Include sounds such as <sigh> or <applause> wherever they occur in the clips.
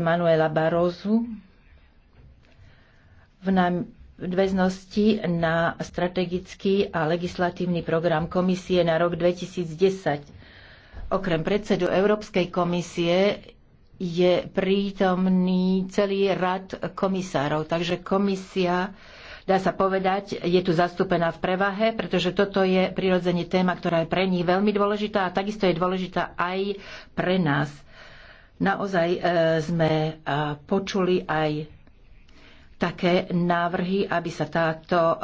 Manuela Barozu v dveznosti na strategický a legislatívny program komisie na rok 2010. Okrem predsedu Európskej komisie je prítomný celý rad komisárov, takže komisia dá sa povedať, je tu zastúpená v prevahe, pretože toto je prirodzene téma, ktorá je pre nich veľmi dôležitá a takisto je dôležitá aj pre nás. Naozaj e, sme e, počuli aj také návrhy, aby sa táto e,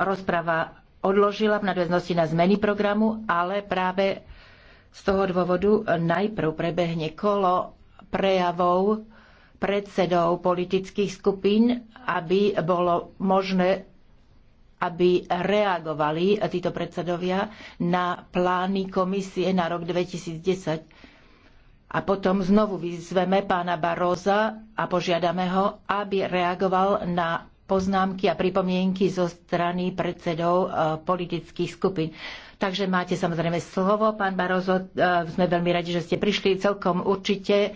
rozprava odložila v nadväznosti na zmeny programu, ale práve z toho dôvodu najprv prebehne kolo prejavov predsedov politických skupín, aby bolo možné aby reagovali títo predsedovia na plány komisie na rok 2010. A potom znovu vyzveme pána Baroza a požiadame ho, aby reagoval na poznámky a pripomienky zo strany predsedov e, politických skupín. Takže máte samozrejme slovo, pán Barozo. E, sme veľmi radi, že ste prišli. Celkom určite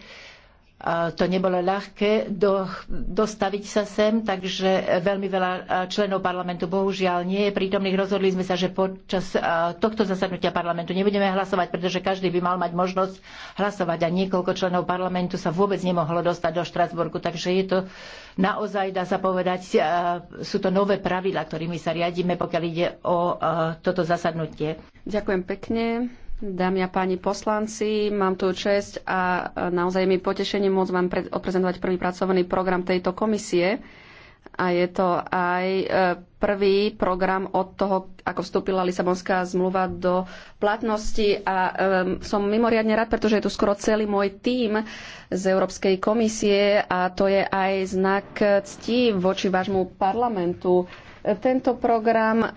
to nebolo ľahké do, dostaviť sa sem, takže veľmi veľa členov parlamentu bohužiaľ nie je prítomných. Rozhodli sme sa, že počas tohto zasadnutia parlamentu nebudeme hlasovať, pretože každý by mal mať možnosť hlasovať a niekoľko členov parlamentu sa vôbec nemohlo dostať do Štrasburgu. Takže je to naozaj, dá sa povedať, sú to nové pravidla, ktorými sa riadíme, pokiaľ ide o toto zasadnutie. Ďakujem pekne. Dámy a páni poslanci, mám tu čest a naozaj mi potešením môcť vám odprezentovať prvý pracovný program tejto komisie. A je to aj e, prvý program od toho, ako vstúpila Lisabonská zmluva do platnosti. A um, som mimoriadne rád, pretože je tu skoro celý môj tím z Európskej komisie a to je aj znak cti voči vášmu parlamentu. Tento program e,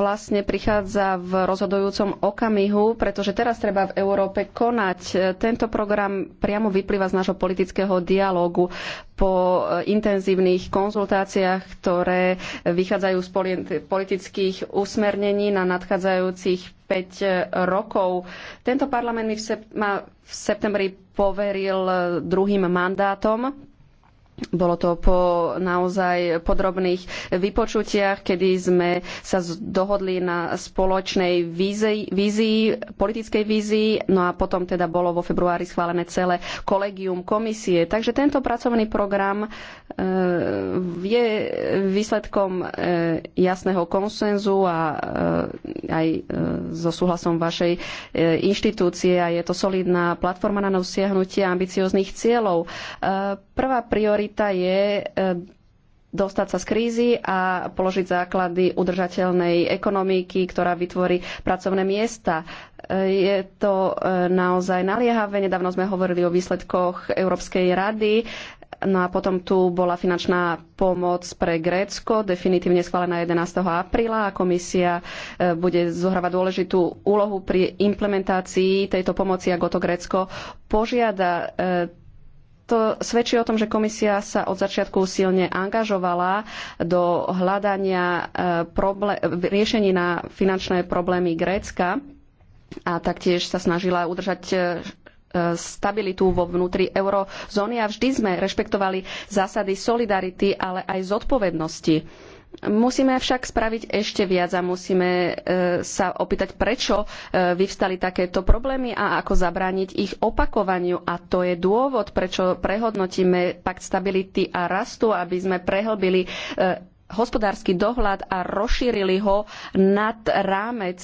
vlastne prichádza v rozhodujúcom okamihu, pretože teraz treba v Európe konať. E, tento program priamo vyplýva z nášho politického dialógu po e, intenzívnych konzultáciách, ktoré vychádzajú z politických usmernení na nadchádzajúcich 5 rokov. Tento parlament mi v sep- ma v septembri poveril druhým mandátom bolo to po naozaj podrobných vypočutiach, kedy sme sa dohodli na spoločnej vízii, vízii, politickej vízii, no a potom teda bolo vo februári schválené celé kolegium komisie. Takže tento pracovný program e, je výsledkom e, jasného konsenzu a e, aj so súhlasom vašej inštitúcie a je to solidná platforma na dosiahnutie ambicióznych cieľov Prvá priorita je e, dostať sa z krízy a položiť základy udržateľnej ekonomiky, ktorá vytvorí pracovné miesta. E, je to e, naozaj naliehavé. Nedávno sme hovorili o výsledkoch Európskej rady. No a potom tu bola finančná pomoc pre Grécko, definitívne schválená 11. apríla a komisia bude zohrávať dôležitú úlohu pri implementácii tejto pomoci, ako to Grécko požiada to svedčí o tom, že komisia sa od začiatku silne angažovala do hľadania e, riešení na finančné problémy Grécka a taktiež sa snažila udržať e, stabilitu vo vnútri eurozóny a vždy sme rešpektovali zásady solidarity, ale aj zodpovednosti Musíme však spraviť ešte viac a musíme e, sa opýtať, prečo e, vyvstali takéto problémy a ako zabrániť ich opakovaniu. A to je dôvod, prečo prehodnotíme pakt stability a rastu, aby sme prehlbili e, hospodársky dohľad a rozšírili ho nad rámec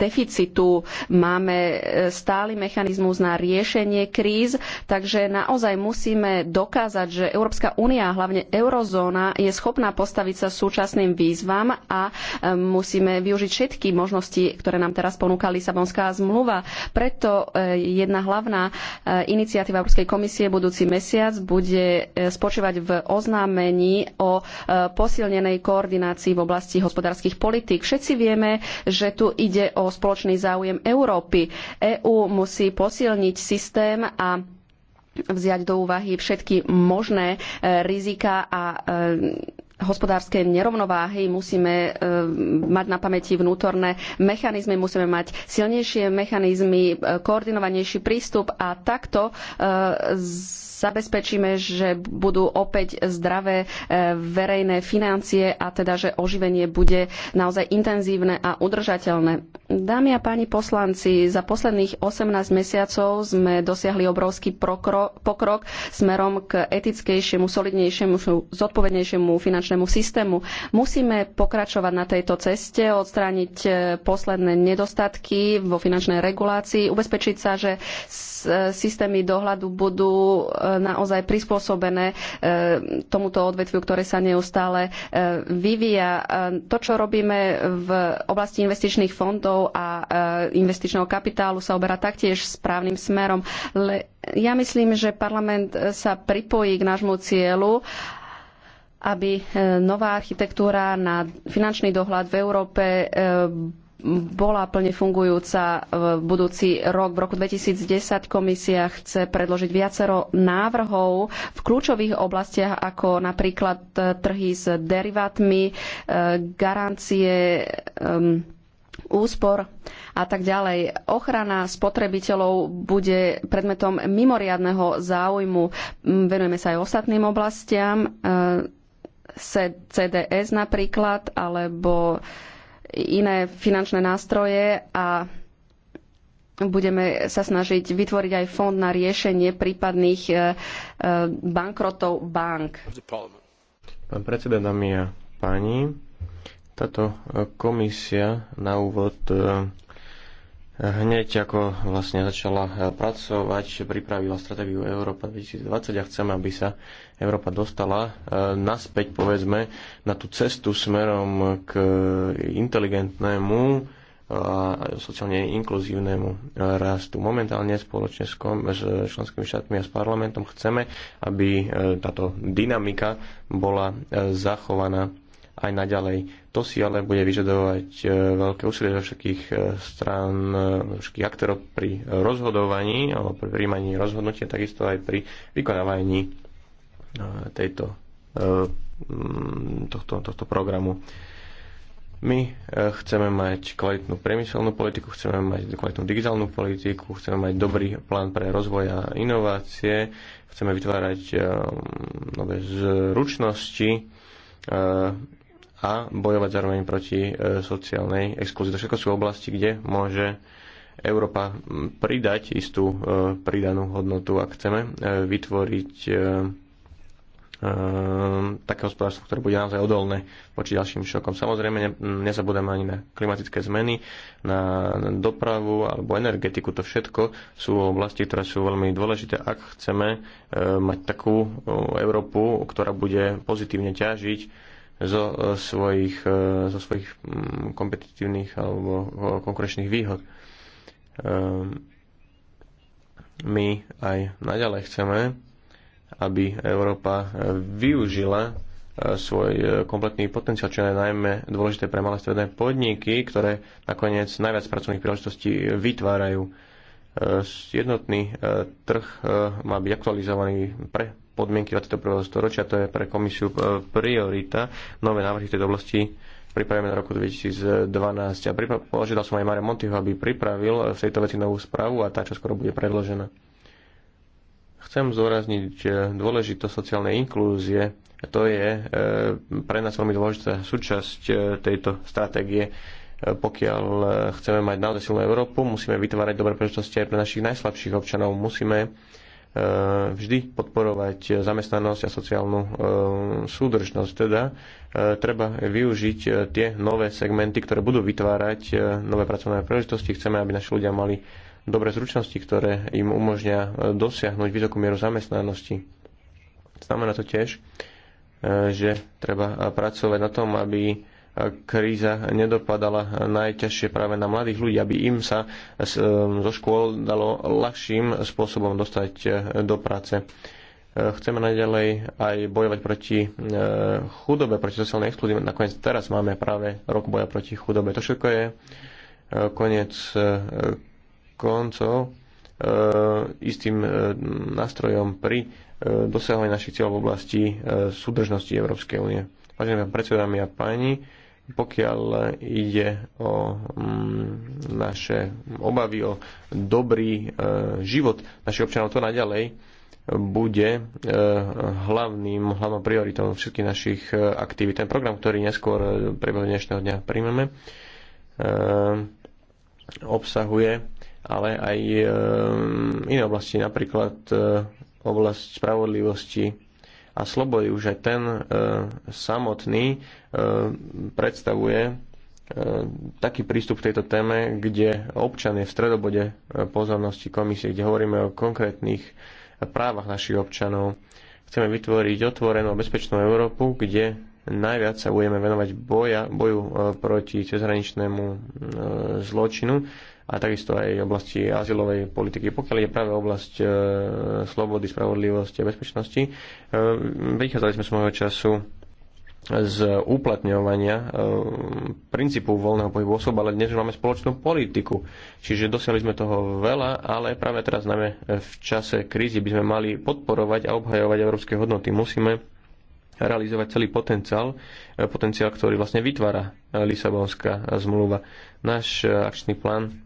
deficitu, máme e, stály mechanizmus na riešenie kríz, takže naozaj musíme dokázať, že Európska únia a hlavne eurozóna je schopná postaviť sa súčasným výzvam a e, musíme využiť všetky možnosti, ktoré nám teraz ponúka Lisabonská zmluva. Preto e, jedna hlavná iniciatíva Európskej komisie budúci mesiac bude spočívať v oznámení o posilnenej koordinácii v oblasti hospodárskych politík. Všetci vieme, že tu ide o spoločný záujem Európy. EÚ musí posilniť systém a vziať do úvahy všetky možné e, rizika a e, hospodárske nerovnováhy, musíme e, mať na pamäti vnútorné mechanizmy, musíme mať silnejšie mechanizmy, koordinovanejší prístup a takto z zabezpečíme, že budú opäť zdravé e, verejné financie a teda, že oživenie bude naozaj intenzívne a udržateľné. Dámy a páni poslanci, za posledných 18 mesiacov sme dosiahli obrovský pokrok smerom k etickejšiemu, solidnejšiemu, zodpovednejšiemu finančnému systému. Musíme pokračovať na tejto ceste, odstrániť e, posledné nedostatky vo finančnej regulácii, ubezpečiť sa, že E, systémy dohľadu budú e, naozaj prispôsobené e, tomuto odvetviu, ktoré sa neustále vyvíja. To, čo robíme v oblasti investičných fondov a investičného kapitálu, sa oberá taktiež správnym smerom. Le ja myslím, že parlament sa pripojí k nášmu cieľu aby nová architektúra na finančný dohľad v Európe bola plne fungujúca v budúci rok. V roku 2010 komisia chce predložiť viacero návrhov v kľúčových oblastiach, ako napríklad e, trhy s derivátmi, e, garancie úspor a tak ďalej. Ochrana spotrebiteľov bude predmetom mimoriadného záujmu. Venujeme sa aj ostatným oblastiam, e, CDS napríklad, alebo iné finančné nástroje a budeme sa snažiť vytvoriť aj fond na riešenie prípadných e, e, bankrotov bank. Pán predseda, dámy a páni, táto e, komisia na úvod hneď ako vlastne začala pracovať, pripravila stratégiu Európa 2020 a chceme, aby sa Európa dostala e, naspäť, povedzme, na tú cestu smerom k inteligentnému a sociálne inkluzívnemu rastu. Momentálne spoločne s, kom, s členskými štátmi a s parlamentom chceme, aby e, táto dynamika bola e, zachovaná aj naďalej. To si ale bude vyžadovať e, veľké úsilie zo všetkých e, strán, e, všetkých aktérov pri rozhodovaní alebo pri príjmaní rozhodnutia, takisto aj pri vykonávaní tejto, tohto, tohto programu. My chceme mať kvalitnú priemyselnú politiku, chceme mať kvalitnú digitálnu politiku, chceme mať dobrý plán pre rozvoj a inovácie, chceme vytvárať nové zručnosti, a bojovať zároveň proti e, sociálnej exkluzii. To všetko sú oblasti, kde môže Európa pridať istú e, pridanú hodnotu, ak chceme e, vytvoriť také hospodárstvo, ktoré bude naozaj odolné voči ďalším šokom. Samozrejme, nezabudeme ani na klimatické zmeny, na dopravu alebo energetiku. To všetko sú oblasti, ktoré sú veľmi dôležité, ak chceme mať takú Európu, ktorá bude pozitívne ťažiť E, e, zo svojich, zo mm, svojich kompetitívnych alebo e, konkurenčných výhod. Ehm, my aj naďalej chceme, aby Európa využila svoj kompletný potenciál, čo je najmä dôležité pre malé stredné podniky, ktoré nakoniec najviac pracovných príležitostí vytvárajú. Jednotný trh má byť aktualizovaný pre podmienky 21. storočia, to je pre komisiu e, priorita. Nové návrhy v tejto oblasti pripravíme na roku 2012. A pripra- požiadal som aj Mare Montiho, aby pripravil e, v tejto veci novú správu a tá, čo skoro bude predložená. Chcem zdôrazniť dôležitosť sociálnej inklúzie. To je e, pre nás veľmi dôležitá súčasť tejto stratégie. Pokiaľ chceme mať naozaj silnú Európu, musíme vytvárať dobré príležitosti aj pre našich najslabších občanov. Musíme Eh, vždy podporovať zamestnanosť a sociálnu eh, súdržnosť. Teda eh, treba využiť tie nové segmenty, ktoré budú vytvárať nové pracovné príležitosti. Chceme, aby naši ľudia mali dobré zručnosti, ktoré im umožňa dosiahnuť vysokú mieru zamestnanosti. Znamená to tiež, že treba pracovať na tom, aby kríza nedopadala najťažšie práve na mladých ľudí, aby im sa um, zo škôl dalo ľahším spôsobom dostať eh, do práce. Eh, chceme naďalej aj bojovať proti eh, chudobe, proti sociálnej exkluzii. Nakoniec teraz máme práve rok boja proti chudobe. To všetko je koniec koncov istým nástrojom pri dosahovaní našich cieľov v oblasti súdržnosti Európskej únie. Vážený pán predseda, dámy a páni, pokiaľ ide o mm, naše obavy o dobrý e, život našich občanov, to naďalej bude e, hlavným, hlavnou prioritou všetkých našich e, aktivít. Ten program, ktorý neskôr priebehu dnešného dňa príjmeme, obsahuje ale aj iné oblasti, napríklad oblasť spravodlivosti a slobody. Už aj ten samotný E, predstavuje e, taký prístup k tejto téme, kde občan je v stredobode e, pozornosti komisie, kde hovoríme o konkrétnych právach našich občanov. Chceme vytvoriť otvorenú a bezpečnú Európu, kde najviac sa budeme venovať boja, boju proti cezhraničnému zločinu a takisto aj oblasti azylovej politiky. Pokiaľ je práve oblasť slobody, spravodlivosti a bezpečnosti, vychádzali sme z môjho času z uplatňovania e, princípu voľného pohybu osob, ale dnes máme spoločnú politiku. Čiže dosiahli sme toho veľa, ale práve teraz najmä v čase krízy by sme mali podporovať a obhajovať európske hodnoty. Musíme realizovať celý potenciál, e, potenciál, ktorý vlastne vytvára e, Lisabonská zmluva. Náš akčný plán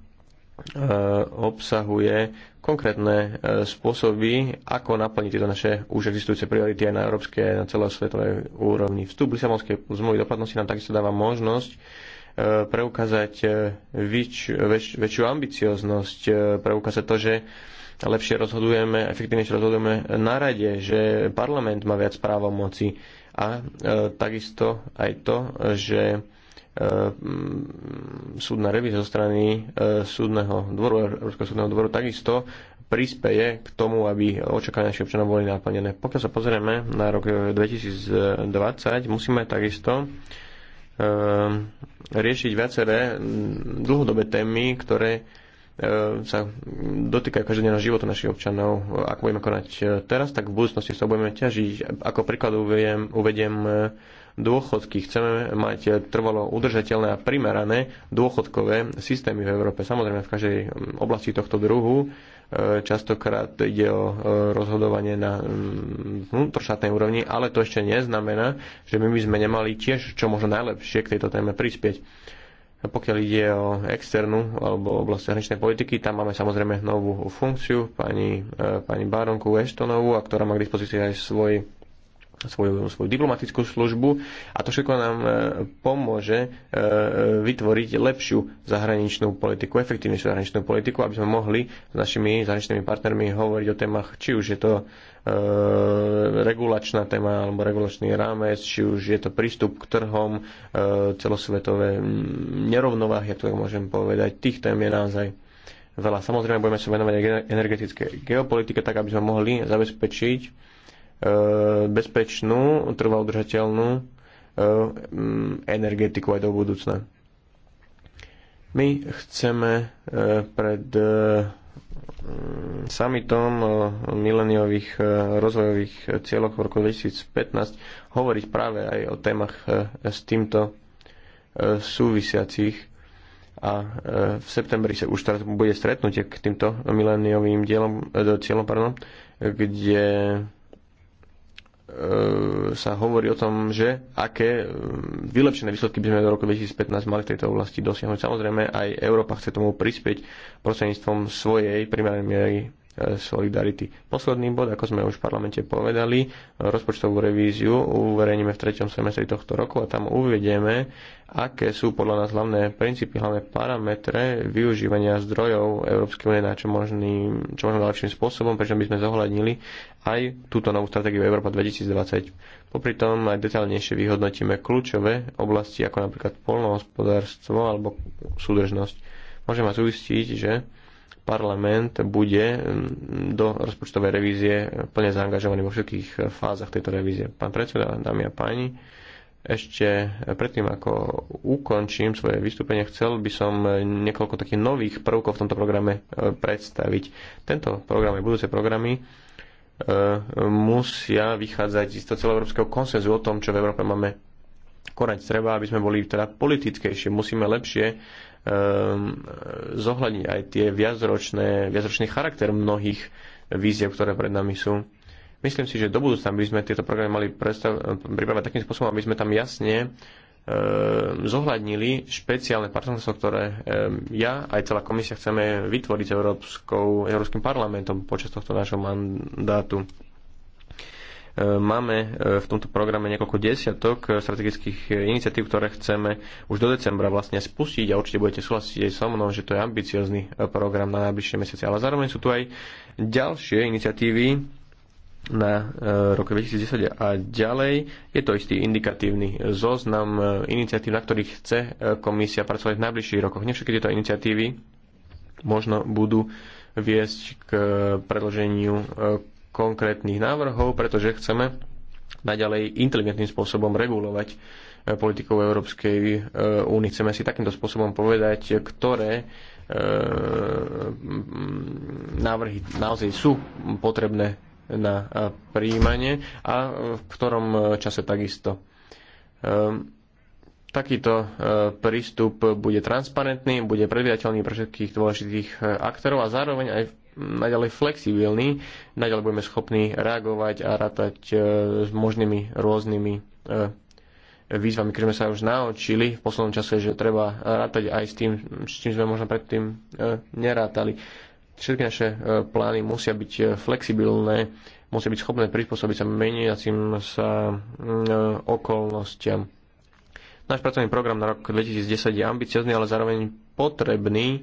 E, obsahuje konkrétne e, spôsoby, ako naplniť tieto naše už existujúce priority aj na európskej, na celosvetovej úrovni. Vstup Lisabonskej zmluvy do platnosti nám takisto dáva možnosť e, preukázať väč, väč, väčšiu ambicioznosť, preukázať to, že lepšie rozhodujeme, efektívnejšie rozhodujeme na rade, že parlament má viac právomoci a e, takisto aj to, že Ehm, súdna revízia zo strany eh, súdneho dvoru, Európskeho súdneho dvoru takisto prispeje k tomu, aby očakávania našich občanov boli naplnené. Pokiaľ sa pozrieme na rok 2020, eh, musíme takisto ehm, riešiť viaceré mm, dlhodobé témy, ktoré eh, sa dotýkajú každodenného života našich občanov. Ak budeme konať teraz, tak v budúcnosti sa budeme ťažiť. Ako príklad uvediem, uvediem dôchodky. Chceme mať eh, trvalo udržateľné a primerané dôchodkové systémy v Európe. Samozrejme v každej mm, oblasti tohto druhu eh, častokrát ide o eh, rozhodovanie na mm, vnútrošatnej úrovni, ale to ešte neznamená, že my by sme nemali tiež čo možno najlepšie k tejto téme prispieť. Pokiaľ ide o externú alebo oblasť zahraničnej politiky, tam máme samozrejme novú funkciu, pani, pani Baronku Eštonovú, a ktorá má k dispozícii aj svoj svoju, svoju diplomatickú službu a to všetko nám e, pomôže e, vytvoriť lepšiu zahraničnú politiku, efektívnejšiu zahraničnú politiku, aby sme mohli s našimi zahraničnými partnermi hovoriť o témach, či už je to e, regulačná téma alebo regulačný rámec, či už je to prístup k trhom, celosvetové nerovnováhy, ja to môžem povedať, tých tém je naozaj veľa. Samozrejme budeme sa venovať aj energetické geopolitike, tak aby sme mohli zabezpečiť E, bezpečnú, trvalo udržateľnú e, energetiku aj do budúcna. My chceme e, pred summitom o mileniových rozvojových cieľoch v roku 2015 hovoriť práve aj o témach s týmto súvisiacich a v septembri sa už teraz bude stretnutie k týmto mileniovým dielom, cieľom, pardon, kde E, sa hovorí o tom, že aké e, vylepšené výsledky by sme do roku 2015 mali v tejto oblasti dosiahnuť. Samozrejme, aj Európa chce tomu prispieť prostredníctvom svojej primárnej miery solidarity. Posledný bod, ako sme už v parlamente povedali, rozpočtovú revíziu uverejníme v treťom semestri tohto roku a tam uvedieme, aké sú podľa nás hlavné princípy, hlavné parametre využívania zdrojov Európskej únie na čo, možný, čo možno najlepším spôsobom, prečo by sme zohľadnili aj túto novú stratégiu Európa 2020. Popri tom aj detaľnejšie vyhodnotíme kľúčové oblasti, ako napríklad polnohospodárstvo alebo súdržnosť. Môžem vás uistiť, že parlament bude mm, do rozpočtovej revízie plne zaangažovaný vo všetkých fázach tejto revízie. Pán predseda, dámy a páni, ešte predtým, ako ukončím svoje vystúpenie, chcel by som niekoľko takých nových prvkov v tomto programe e, predstaviť. Tento program a budúce programy e, musia vychádzať z toho celoeurópskeho konsenzu o tom, čo v Európe máme konať. Treba, aby sme boli teda politickejšie. Musíme lepšie Ehm, zohľadniť aj tie viacročné, viacročný charakter mnohých víziev, ktoré pred nami sú. Myslím si, že do budúcna by sme tieto programy mali pripravať takým spôsobom, aby sme tam jasne ehm, zohľadnili špeciálne partnerstvo, ktoré ehm, ja aj celá komisia chceme vytvoriť s Európskym parlamentom počas tohto nášho mandátu. Máme e, v tomto programe niekoľko desiatok e, strategických e, iniciatív, ktoré chceme už do decembra vlastne spustiť a určite budete súhlasiť aj so mnou, že to je ambiciozný program na najbližšie mesiace. Ale zároveň sú tu aj ďalšie iniciatívy, na rok 2010 a ďalej. Je to istý indikatívny zoznam iniciatív, na ktorých chce komisia pracovať v najbližších rokoch. Nevšetky tieto iniciatívy možno budú viesť k predloženiu konkrétnych návrhov, pretože chceme naďalej inteligentným spôsobom regulovať e, politikou Európskej e, únie. Chceme si takýmto spôsobom povedať, ktoré e, návrhy naozaj sú potrebné na príjmanie a v ktorom čase takisto. Takýto prístup bude transparentný, bude predvidateľný pre všetkých dôležitých aktorov a zároveň aj naďalej flexibilní, naďalej budeme schopní reagovať a rátať e, s možnými rôznymi e, výzvami, ktoré sme sa už naučili v poslednom čase, že treba rátať aj s tým, s čím sme možno predtým e, nerátali. Všetky naše plány musia byť flexibilné, musia byť schopné prispôsobiť sa meniacim sa mm, okolnostiam. Náš pracovný program na rok 2010 je ambiciozný, ale zároveň potrebný e,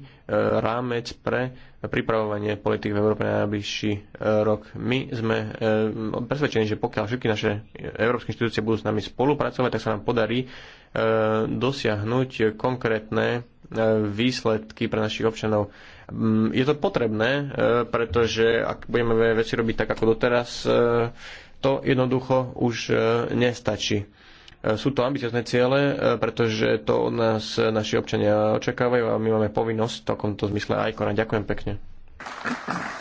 rámec pre pripravovanie politik v Európe na najbližší e, rok. My sme e, presvedčení, že pokiaľ všetky naše európske inštitúcie budú s nami spolupracovať, tak sa nám podarí dosiahnuť konkrétne výsledky pre našich občanov. Mm, je to potrebné, pretože ak budeme veci robiť tak ako doteraz, to jednoducho už nestačí sú to ambiciozne ciele, e, pretože to od nás naši občania očakávajú a my máme povinnosť v takomto zmysle aj konať. Ďakujem pekne. Ďakujem,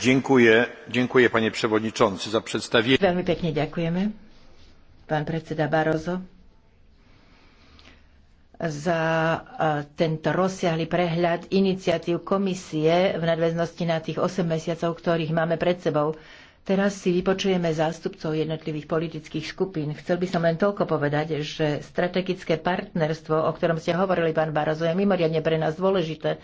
dziękuję, dziękuję za predstavie. Veľmi pekne ďakujeme, pán predseda Barozo, za e, tento rozsiahly prehľad iniciatív komisie v nadväznosti na tých 8 mesiacov, ktorých máme pred sebou. Teraz si vypočujeme zástupcov jednotlivých politických skupín. Chcel by som len toľko povedať, že strategické partnerstvo, o ktorom ste hovorili, pán Barazo, je mimoriadne pre nás dôležité,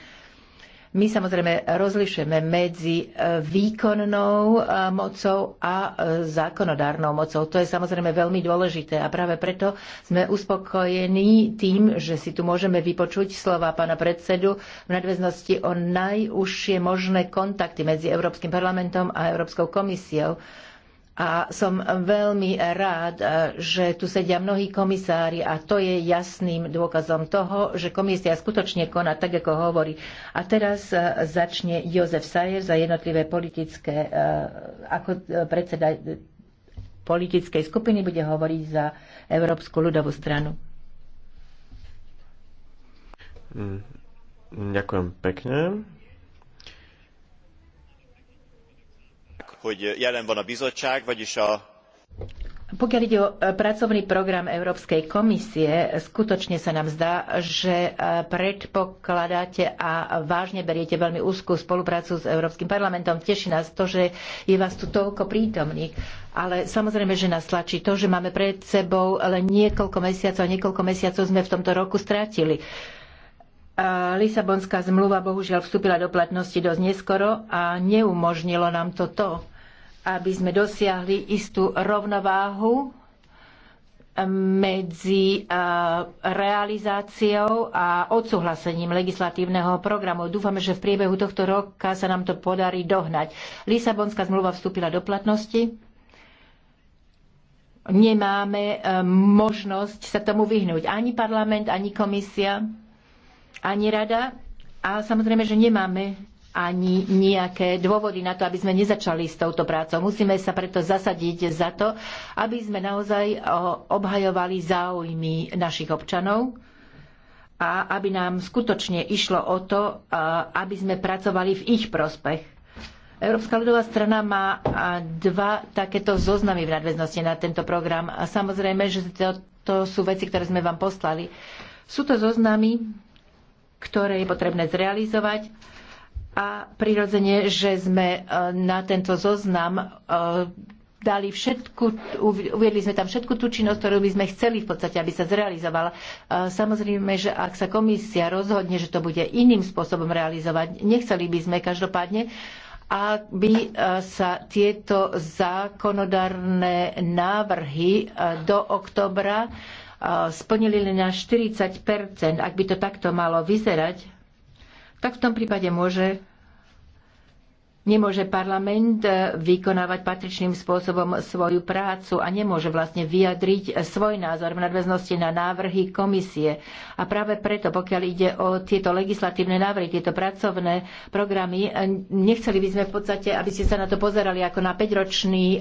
my samozrejme rozlišujeme medzi e, výkonnou e, mocou a e, zákonodárnou mocou. To je samozrejme veľmi dôležité a práve preto sme uspokojení tým, že si tu môžeme vypočuť slova pána predsedu v nadväznosti o najúžšie možné kontakty medzi Európskym parlamentom a Európskou komisiou. A som veľmi rád, eh, že tu sedia mnohí komisári a to je jasným dôkazom toho, že komisia skutočne koná tak, ako hovorí. A teraz eh, začne Jozef Sajer za jednotlivé politické, eh, ako predseda politickej skupiny bude hovoriť za Európsku ľudovú stranu. Mm, ďakujem pekne. hogy jelen van a bizottság, vagyis a pokiaľ ide o e, pracovný program Európskej komisie, skutočne sa nám zdá, že e, predpokladáte a vážne beriete veľmi úzkú spoluprácu s Európskym parlamentom. Teší nás to, že je vás tu toľko prítomných. Ale samozrejme, že nás tlačí to, že máme pred sebou len niekoľko mesiacov a niekoľko mesiacov sme v tomto roku strátili. Lisabonská zmluva bohužiaľ vstúpila do platnosti dosť neskoro a neumožnilo nám to to, aby sme dosiahli istú rovnováhu medzi realizáciou a odsúhlasením legislatívneho programu. Dúfame, že v priebehu tohto roka sa nám to podarí dohnať. Lisabonská zmluva vstúpila do platnosti. Nemáme e, možnosť sa tomu vyhnúť. Ani parlament, ani komisia ani rada a samozrejme, že nemáme ani nejaké dôvody na to, aby sme nezačali s touto prácou. Musíme sa preto zasadiť za to, aby sme naozaj obhajovali záujmy našich občanov a aby nám skutočne išlo o to, aby sme pracovali v ich prospech. Európska ľudová strana má dva takéto zoznamy v nadväznosti na tento program. A samozrejme, že to, to sú veci, ktoré sme vám poslali. Sú to zoznamy ktoré je potrebné zrealizovať. A prirodzene, že sme e, na tento zoznam e, dali všetku, uviedli sme tam všetku tú činnosť, ktorú by sme chceli v podstate, aby sa zrealizovala. E, samozrejme, že ak sa komisia rozhodne, že to bude iným spôsobom realizovať, nechceli by sme každopádne, aby sa tieto zákonodárne návrhy do oktobra splnili len na 40 Ak by to takto malo vyzerať, tak v tom prípade môže Nemôže parlament eh, vykonávať patričným spôsobom svoju prácu a nemôže vlastne vyjadriť svoj názor v nadväznosti na návrhy komisie. A práve preto, pokiaľ ide o tieto legislatívne návrhy, tieto pracovné programy, eh, nechceli by sme v podstate, aby ste sa na to pozerali ako na 5-ročný eh,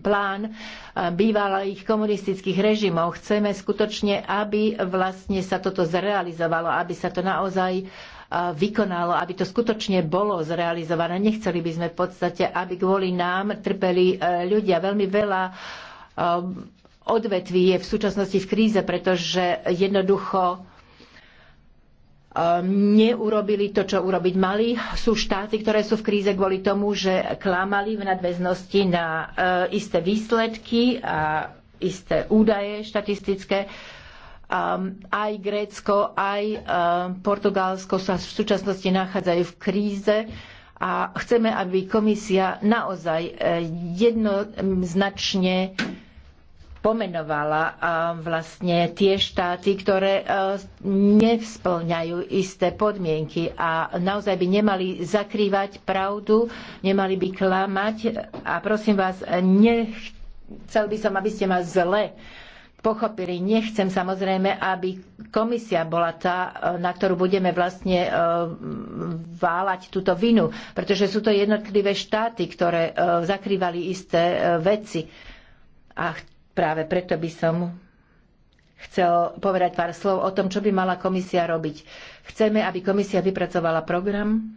plán bývalých komunistických režimov. Chceme skutočne, aby vlastne sa toto zrealizovalo, aby sa to naozaj vykonalo, aby to skutočne bolo zrealizované. Nechceli by sme v podstate, aby kvôli nám trpeli e, ľudia. Veľmi veľa e, odvetví je v súčasnosti v kríze, pretože jednoducho e, neurobili to, čo urobiť mali. Sú štáty, ktoré sú v kríze kvôli tomu, že klamali v nadväznosti na isté výsledky a isté údaje štatistické aj Grécko, aj Portugalsko sa v súčasnosti nachádzajú v kríze a chceme, aby komisia naozaj e, jednoznačne pomenovala vlastne tie štáty, ktoré e, nevsplňajú isté podmienky a naozaj by nemali zakrývať pravdu, nemali by klamať a prosím vás, nechcel by som, aby ste ma zle pochopili. Nechcem samozrejme, aby komisia bola tá, e, na ktorú budeme vlastne e, váľať túto vinu, pretože sú to jednotlivé štáty, ktoré e, zakrývali isté veci. A práve preto by som chcel povedať pár slov o tom, čo by mala komisia robiť. Chceme, aby komisia vypracovala program,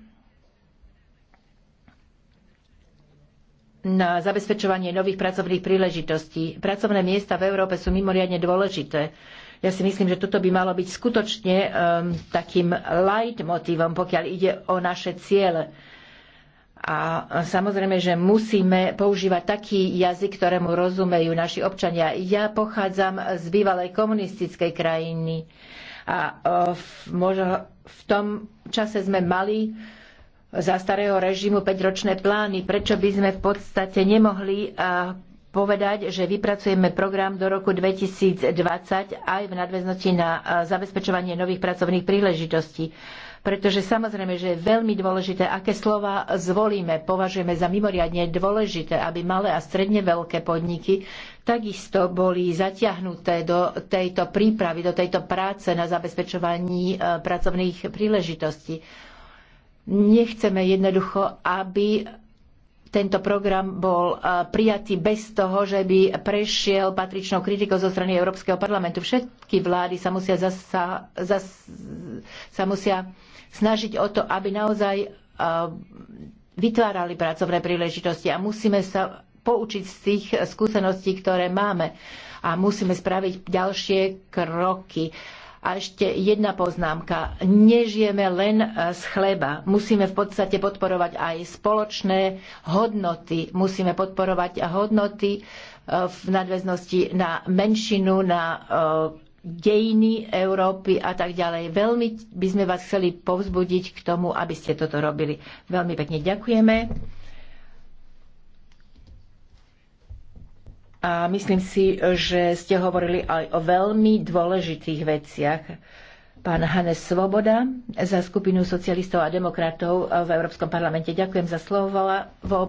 na zabezpečovanie nových pracovných príležitostí. Pracovné miesta v Európe sú mimoriadne dôležité. Ja si myslím, že toto by malo byť skutočne um, takým motivom, pokiaľ ide o naše ciele. A samozrejme, že musíme používať taký jazyk, ktorému rozumejú naši občania. Ja pochádzam z bývalej komunistickej krajiny a v, možno v tom čase sme mali za starého režimu 5-ročné plány. Prečo by sme v podstate nemohli eh, povedať, že vypracujeme program do roku 2020 aj v nadväznosti na eh, zabezpečovanie nových pracovných príležitostí. Pretože samozrejme, že je veľmi dôležité, aké slova zvolíme. Považujeme za mimoriadne dôležité, aby malé a stredne veľké podniky takisto boli zatiahnuté do tejto prípravy, do tejto práce na zabezpečovaní eh, pracovných príležitostí Nechceme jednoducho, aby tento program bol e, prijatý bez toho, že by prešiel patričnou kritikou zo strany Európskeho parlamentu. Všetky vlády sa musia, zasa, zas, sa musia snažiť o to, aby naozaj e, vytvárali pracovné príležitosti a musíme sa poučiť z tých skúseností, ktoré máme a musíme spraviť ďalšie kroky. A ešte jedna poznámka. Nežijeme len e, z chleba. Musíme v podstate podporovať aj spoločné hodnoty. Musíme podporovať hodnoty e, v nadväznosti na menšinu, na e, dejiny Európy a tak ďalej. Veľmi by sme vás chceli povzbudiť k tomu, aby ste toto robili. Veľmi pekne ďakujeme. a myslím si, že ste hovorili aj o veľmi dôležitých veciach pán Hanes Svoboda za skupinu socialistov a demokratov v Európskom parlamente. Ďakujem za slovo,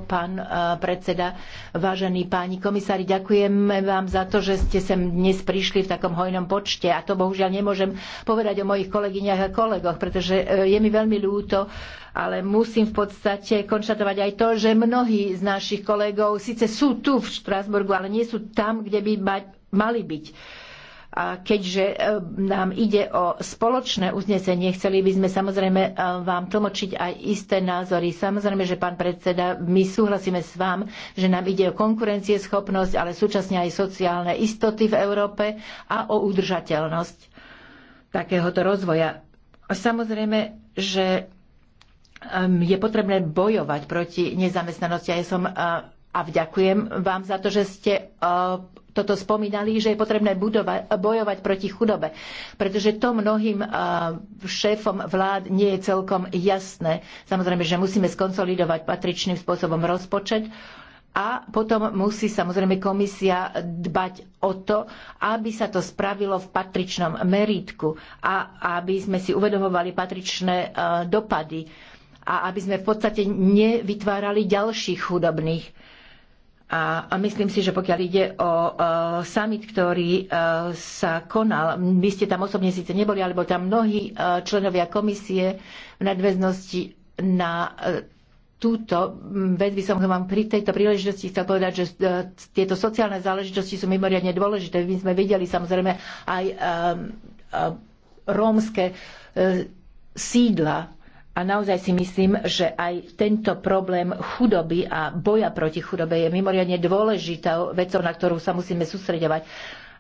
pán eh, predseda. Vážení páni komisári, ďakujem vám za to, že ste sem dnes prišli v takom hojnom počte. A to bohužiaľ nemôžem povedať o mojich kolegyniach a kolegoch, pretože eh, je mi veľmi ľúto, ale musím v podstate konštatovať aj to, že mnohí z našich kolegov síce sú tu v Štrásburgu, ale nie sú tam, kde by mali byť a keďže e, nám ide o spoločné uznesenie, chceli by sme samozrejme e, vám tlmočiť aj isté názory. Samozrejme, že pán predseda, my súhlasíme s vám, že nám ide o konkurencieschopnosť, ale súčasne aj sociálne istoty v Európe a o udržateľnosť takéhoto rozvoja. Samozrejme, že e, je potrebné bojovať proti nezamestnanosti. Ja som a vďakujem vám za to, že ste e, toto spomínali, že je potrebné bojovať proti chudobe, pretože to mnohým e, šéfom vlád nie je celkom jasné. Samozrejme, že musíme skonsolidovať patričným spôsobom rozpočet, a potom musí samozrejme komisia dbať o to, aby sa to spravilo v patričnom meritku a aby sme si uvedomovali patričné e, dopady a aby sme v podstate nevytvárali ďalších chudobných. A myslím si, že pokiaľ ide o summit, ktorý e, sa konal, vy ste tam osobne síce neboli, ale boli tam mnohí e, členovia komisie v nadväznosti na e, túto vec by som vám pri tejto príležitosti chcel povedať, že tieto sociálne záležitosti sú mimoriadne dôležité. My sme videli samozrejme aj rómske sídla a naozaj si myslím, že aj tento problém chudoby a boja proti chudobe je mimoriadne dôležitou vecou, na ktorú sa musíme sústredovať.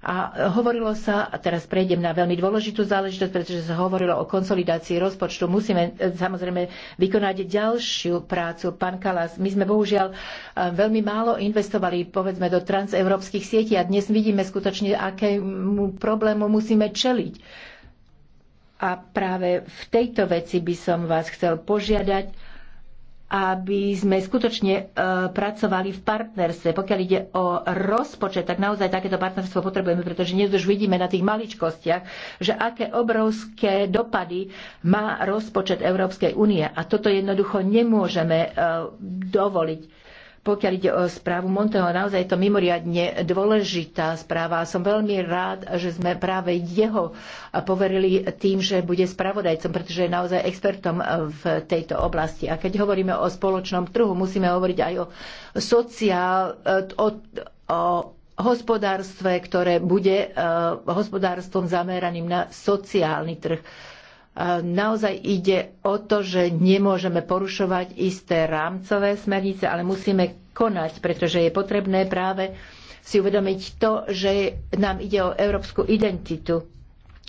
A hovorilo sa, a teraz prejdem na veľmi dôležitú záležitosť, pretože sa hovorilo o konsolidácii rozpočtu. Musíme e, samozrejme vykonať ďalšiu prácu. Pán Kalas, my sme bohužiaľ e, veľmi málo investovali, povedzme, do transeurópskych sietí a dnes vidíme skutočne, akému problému musíme čeliť a práve v tejto veci by som vás chcel požiadať, aby sme skutočne e, pracovali v partnerstve. Pokiaľ ide o rozpočet, tak naozaj takéto partnerstvo potrebujeme, pretože dnes už vidíme na tých maličkostiach, že aké obrovské dopady má rozpočet Európskej únie. A toto jednoducho nemôžeme e, dovoliť pokiaľ ide o správu Monteho, naozaj je to mimoriadne dôležitá správa som veľmi rád, že sme práve jeho poverili tým, že bude spravodajcom, pretože je naozaj expertom v tejto oblasti. A keď hovoríme o spoločnom trhu, musíme hovoriť aj o sociál, o, o hospodárstve, ktoré bude eh, hospodárstvom zameraným na sociálny trh naozaj ide o to, že nemôžeme porušovať isté rámcové smernice, ale musíme konať, pretože je potrebné práve si uvedomiť to, že nám ide o európsku identitu.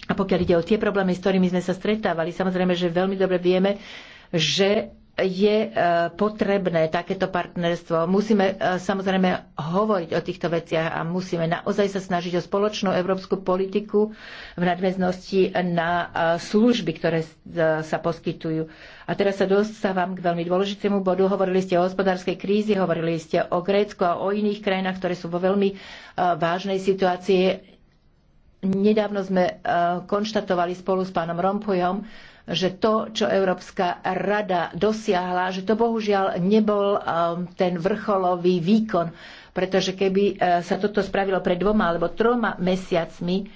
A pokiaľ ide o tie problémy, s ktorými sme sa stretávali, samozrejme, že veľmi dobre vieme, že je e, potrebné takéto partnerstvo. Musíme e, samozrejme hovoriť o týchto veciach a musíme naozaj sa snažiť o spoločnú európsku politiku v nadväznosti na e, služby, ktoré sa poskytujú. A teraz sa dostávam k veľmi dôležitému bodu. Hovorili ste o hospodárskej krízi, hovorili ste o Grécku a o iných krajinách, ktoré sú vo veľmi vážnej situácii. Nedávno sme konštatovali spolu s pánom Rompujom, že to, čo Európska rada dosiahla, že to bohužiaľ nebol um, ten vrcholový výkon, pretože keby uh, sa toto spravilo pred dvoma alebo troma mesiacmi,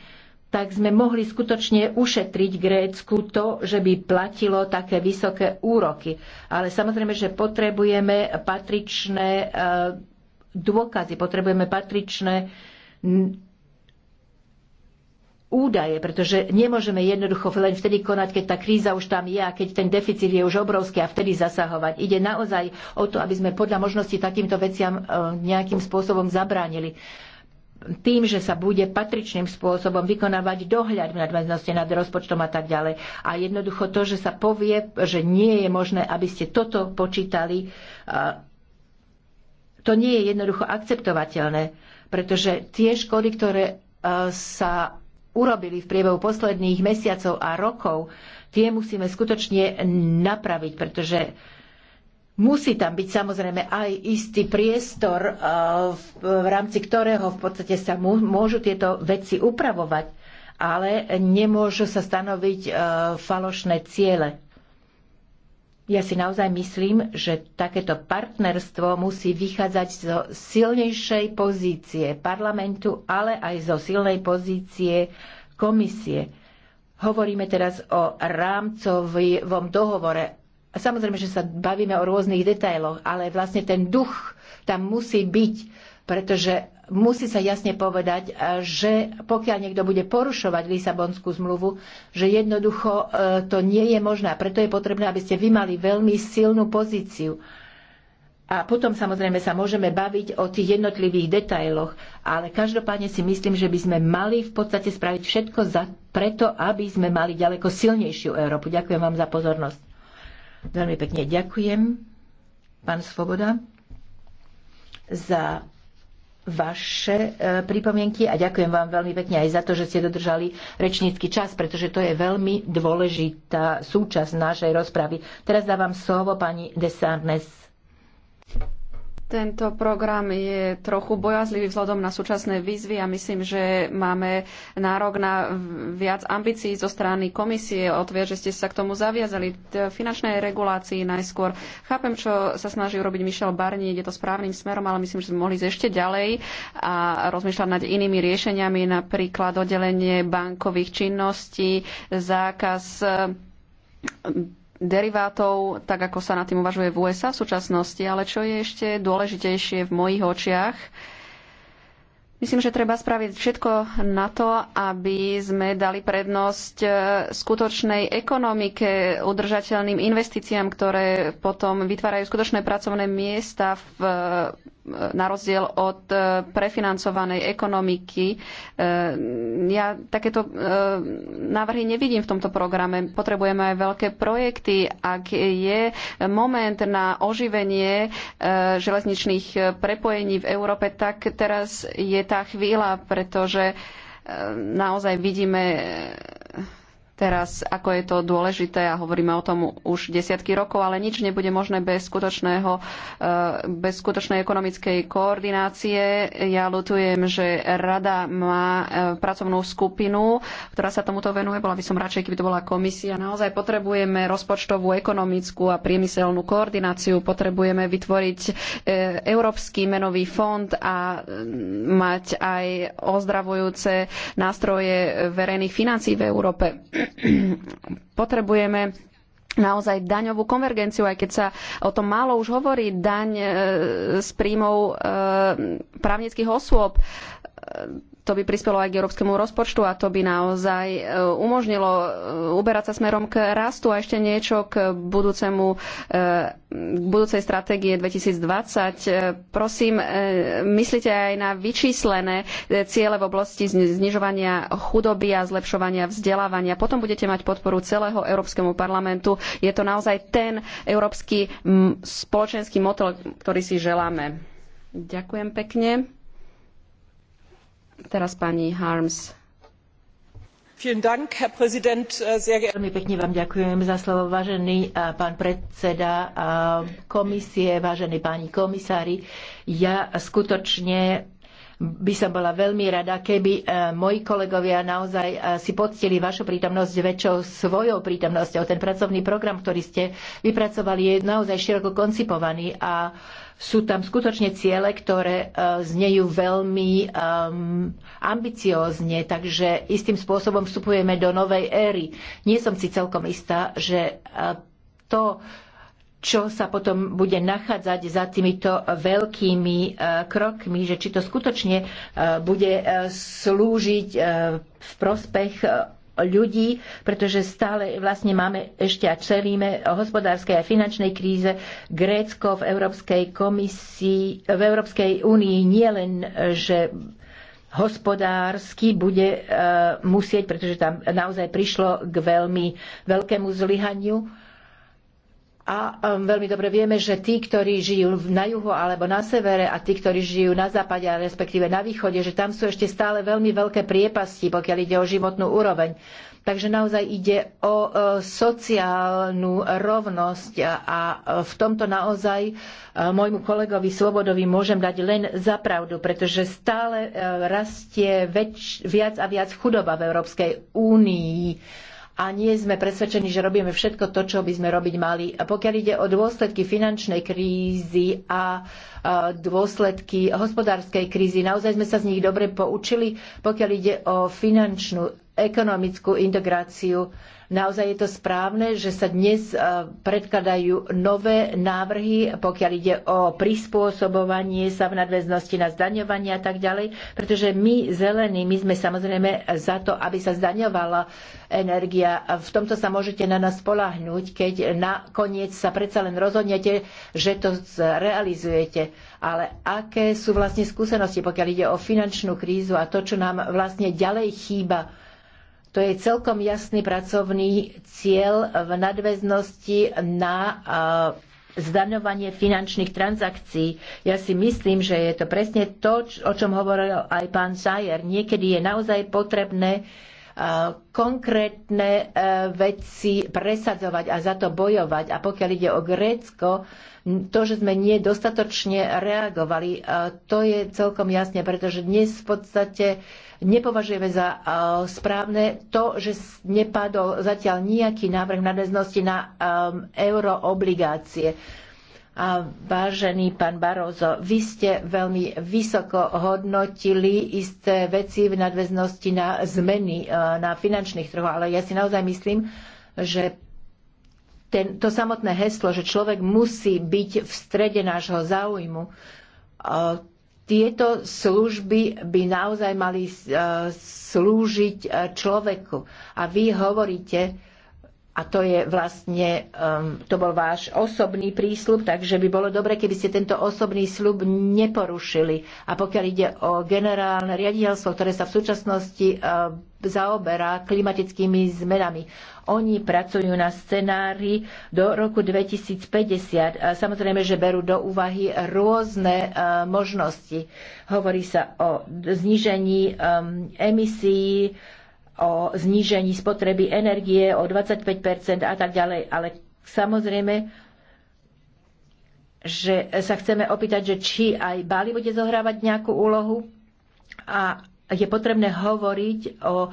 tak sme mohli skutočne ušetriť Grécku to, že by platilo také vysoké úroky. Ale samozrejme, že potrebujeme patričné uh, dôkazy, potrebujeme patričné údaje, pretože nemôžeme jednoducho len vtedy konať, keď tá kríza už tam je a keď ten deficit je už obrovský a vtedy zasahovať. Ide naozaj o to, aby sme podľa možnosti takýmto veciam e, nejakým spôsobom zabránili tým, že sa bude patričným spôsobom vykonávať dohľad v nadväznosti nad rozpočtom a tak ďalej. A jednoducho to, že sa povie, že nie je možné, aby ste toto počítali, e, to nie je jednoducho akceptovateľné, pretože tie škody, ktoré e, sa urobili v priebehu posledných mesiacov a rokov, tie musíme skutočne napraviť, pretože Musí tam byť samozrejme aj istý priestor, eh, v rámci ktorého v podstate sa môžu tieto veci upravovať, ale nemôžu sa stanoviť eh, falošné ciele. Ja si naozaj myslím, že takéto partnerstvo musí vychádzať zo silnejšej pozície parlamentu, ale aj zo silnej pozície komisie. Hovoríme teraz o rámcovom dohovore. Samozrejme, že sa bavíme o rôznych detailoch, ale vlastne ten duch tam musí byť, pretože musí sa jasne povedať, e, že pokiaľ niekto bude porušovať Lisabonskú zmluvu, že jednoducho e, to nie je možné. preto je potrebné, aby ste vy mali veľmi silnú pozíciu. A potom samozrejme sa môžeme baviť o tých jednotlivých detailoch, ale každopádne si myslím, že by sme mali v podstate spraviť všetko za, preto, aby sme mali ďaleko silnejšiu Európu. Ďakujem vám za pozornosť. Veľmi pekne ďakujem, pán Svoboda, za vaše e, pripomienky a ďakujem vám veľmi pekne aj za to, že ste dodržali rečnícky čas, pretože to je veľmi dôležitá súčasť našej rozpravy. Teraz dávam slovo pani Desarnes. Tento program je trochu bojazlivý vzhľadom na súčasné výzvy a myslím, že máme nárok na viac ambícií zo strany komisie. Otvier, že ste sa k tomu zaviazali. Finančnej regulácii najskôr. Chápem, čo sa snaží urobiť Michel Barnier. Ide to správnym smerom, ale myslím, že sme mohli ísť ešte ďalej a rozmýšľať nad inými riešeniami, napríklad oddelenie bankových činností, zákaz derivátov, tak ako sa na tým uvažuje v USA v súčasnosti, ale čo je ešte dôležitejšie v mojich očiach, Myslím, že treba spraviť všetko na to, aby sme dali prednosť e, skutočnej ekonomike, udržateľným investíciám, ktoré potom vytvárajú skutočné pracovné miesta v na rozdiel od e, prefinancovanej ekonomiky. E, ja takéto e, návrhy nevidím v tomto programe. Potrebujeme aj veľké projekty. Ak je moment na oživenie železničných prepojení v Európe, tak teraz je tá chvíľa, pretože naozaj vidíme teraz, ako je to dôležité a hovoríme o tom už desiatky rokov, ale nič nebude možné bez, skutočného, eh, bez skutočnej ekonomickej koordinácie. Ja lutujem, že rada má eh, pracovnú skupinu, ktorá sa tomuto venuje. Bola by som radšej, keby to bola komisia. Naozaj potrebujeme rozpočtovú, ekonomickú a priemyselnú koordináciu. Potrebujeme vytvoriť eh, Európsky menový fond a mm, mať aj ozdravujúce nástroje verejných financií v Európe <clears throat> potrebujeme naozaj daňovú konvergenciu, aj keď sa o tom málo už hovorí, daň e, z príjmov e, právnických osôb to by prispelo aj k európskemu rozpočtu a to by naozaj e, umožnilo e, uberať sa smerom k rastu a ešte niečo k budúcemu e, k budúcej stratégie 2020. Prosím, myslíte aj na vyčíslené ciele v oblasti znižovania chudoby a zlepšovania vzdelávania. Potom budete mať podporu celého Európskemu parlamentu. Je to naozaj ten európsky spoločenský motor, ktorý si želáme. Ďakujem pekne. Teraz pani Harms. Äh, Veľmi pekne vám ďakujem za slovo, vážený äh, pán predseda äh, komisie, vážení páni komisári. Ja skutočne by som bola veľmi rada, keby e, moji kolegovia naozaj e, si poctili vašu prítomnosť väčšou svojou prítomnosťou. Ten pracovný program, ktorý ste vypracovali, je naozaj široko koncipovaný a sú tam skutočne ciele, ktoré e, znejú veľmi um, ambiciózne, takže istým spôsobom vstupujeme do novej éry. Nie som si celkom istá, že to, čo sa potom bude nachádzať za týmito veľkými e, krokmi, že či to skutočne e, bude e, slúžiť v prospech ľudí, pretože stále vlastne máme ešte a čelíme hospodárskej a finančnej kríze. Grécko v Európskej komisii, v Európskej únii nie len, že hospodársky bude musieť, pretože tam naozaj prišlo k veľmi veľkému zlyhaniu, a um, veľmi dobre vieme, že tí, ktorí žijú na juhu alebo na severe a tí, ktorí žijú na západe a respektíve na východe, že tam sú ešte stále veľmi veľké priepasti, pokiaľ ide o životnú úroveň. Takže naozaj ide o uh, sociálnu rovnosť a v tomto naozaj uh, môjmu kolegovi Svobodovi môžem dať len za pravdu, pretože stále uh, rastie väč, viac a viac chudoba v Európskej únii a nie sme presvedčení, že robíme všetko to, čo by sme robiť mali. A pokiaľ ide o dôsledky finančnej krízy a dôsledky hospodárskej krízy, naozaj sme sa z nich dobre poučili, pokiaľ ide o finančnú ekonomickú integráciu. Naozaj je to správne, že sa dnes e, predkladajú nové návrhy, pokiaľ ide o prispôsobovanie sa v nadväznosti na zdaňovanie a tak ďalej, pretože my zelení, my sme samozrejme za to, aby sa zdaňovala energia. V tomto sa môžete na nás spolahnúť, keď nakoniec sa predsa len rozhodnete, že to zrealizujete. Ale aké sú vlastne skúsenosti, pokiaľ ide o finančnú krízu a to, čo nám vlastne ďalej chýba to je celkom jasný pracovný cieľ v nadväznosti na zdaňovanie finančných transakcií. Ja si myslím, že je to presne to, o čom hovoril aj pán Sajer. Niekedy je naozaj potrebné uh, E, konkrétne e, veci presadzovať a za to bojovať. A pokiaľ ide o Grécko, to, že sme nedostatočne reagovali, e, to je celkom jasné, pretože dnes v podstate nepovažujeme za správne to, že nepadol zatiaľ nejaký návrh nadväznosti na euroobligácie a vážený pán Barozo, vy ste veľmi vysoko hodnotili isté veci v nadväznosti na zmeny e, na finančných trhoch, ale ja si naozaj myslím, že ten, to samotné heslo, že človek musí byť v strede nášho záujmu, e, tieto služby by naozaj mali e, slúžiť človeku. A vy hovoríte, a to je vlastne, um, to bol váš osobný prísľub, takže by bolo dobre, keby ste tento osobný sľub neporušili. A pokiaľ ide o generálne riaditeľstvo, ktoré sa v súčasnosti uh, zaoberá klimatickými zmenami, oni pracujú na scenári do roku 2050. A samozrejme, že berú do úvahy rôzne uh, možnosti. Hovorí sa o znižení um, emisí, o znížení spotreby energie o 25 a tak ďalej. Ale samozrejme, že sa chceme opýtať, že či aj Bali bude zohrávať nejakú úlohu a je potrebné hovoriť o e,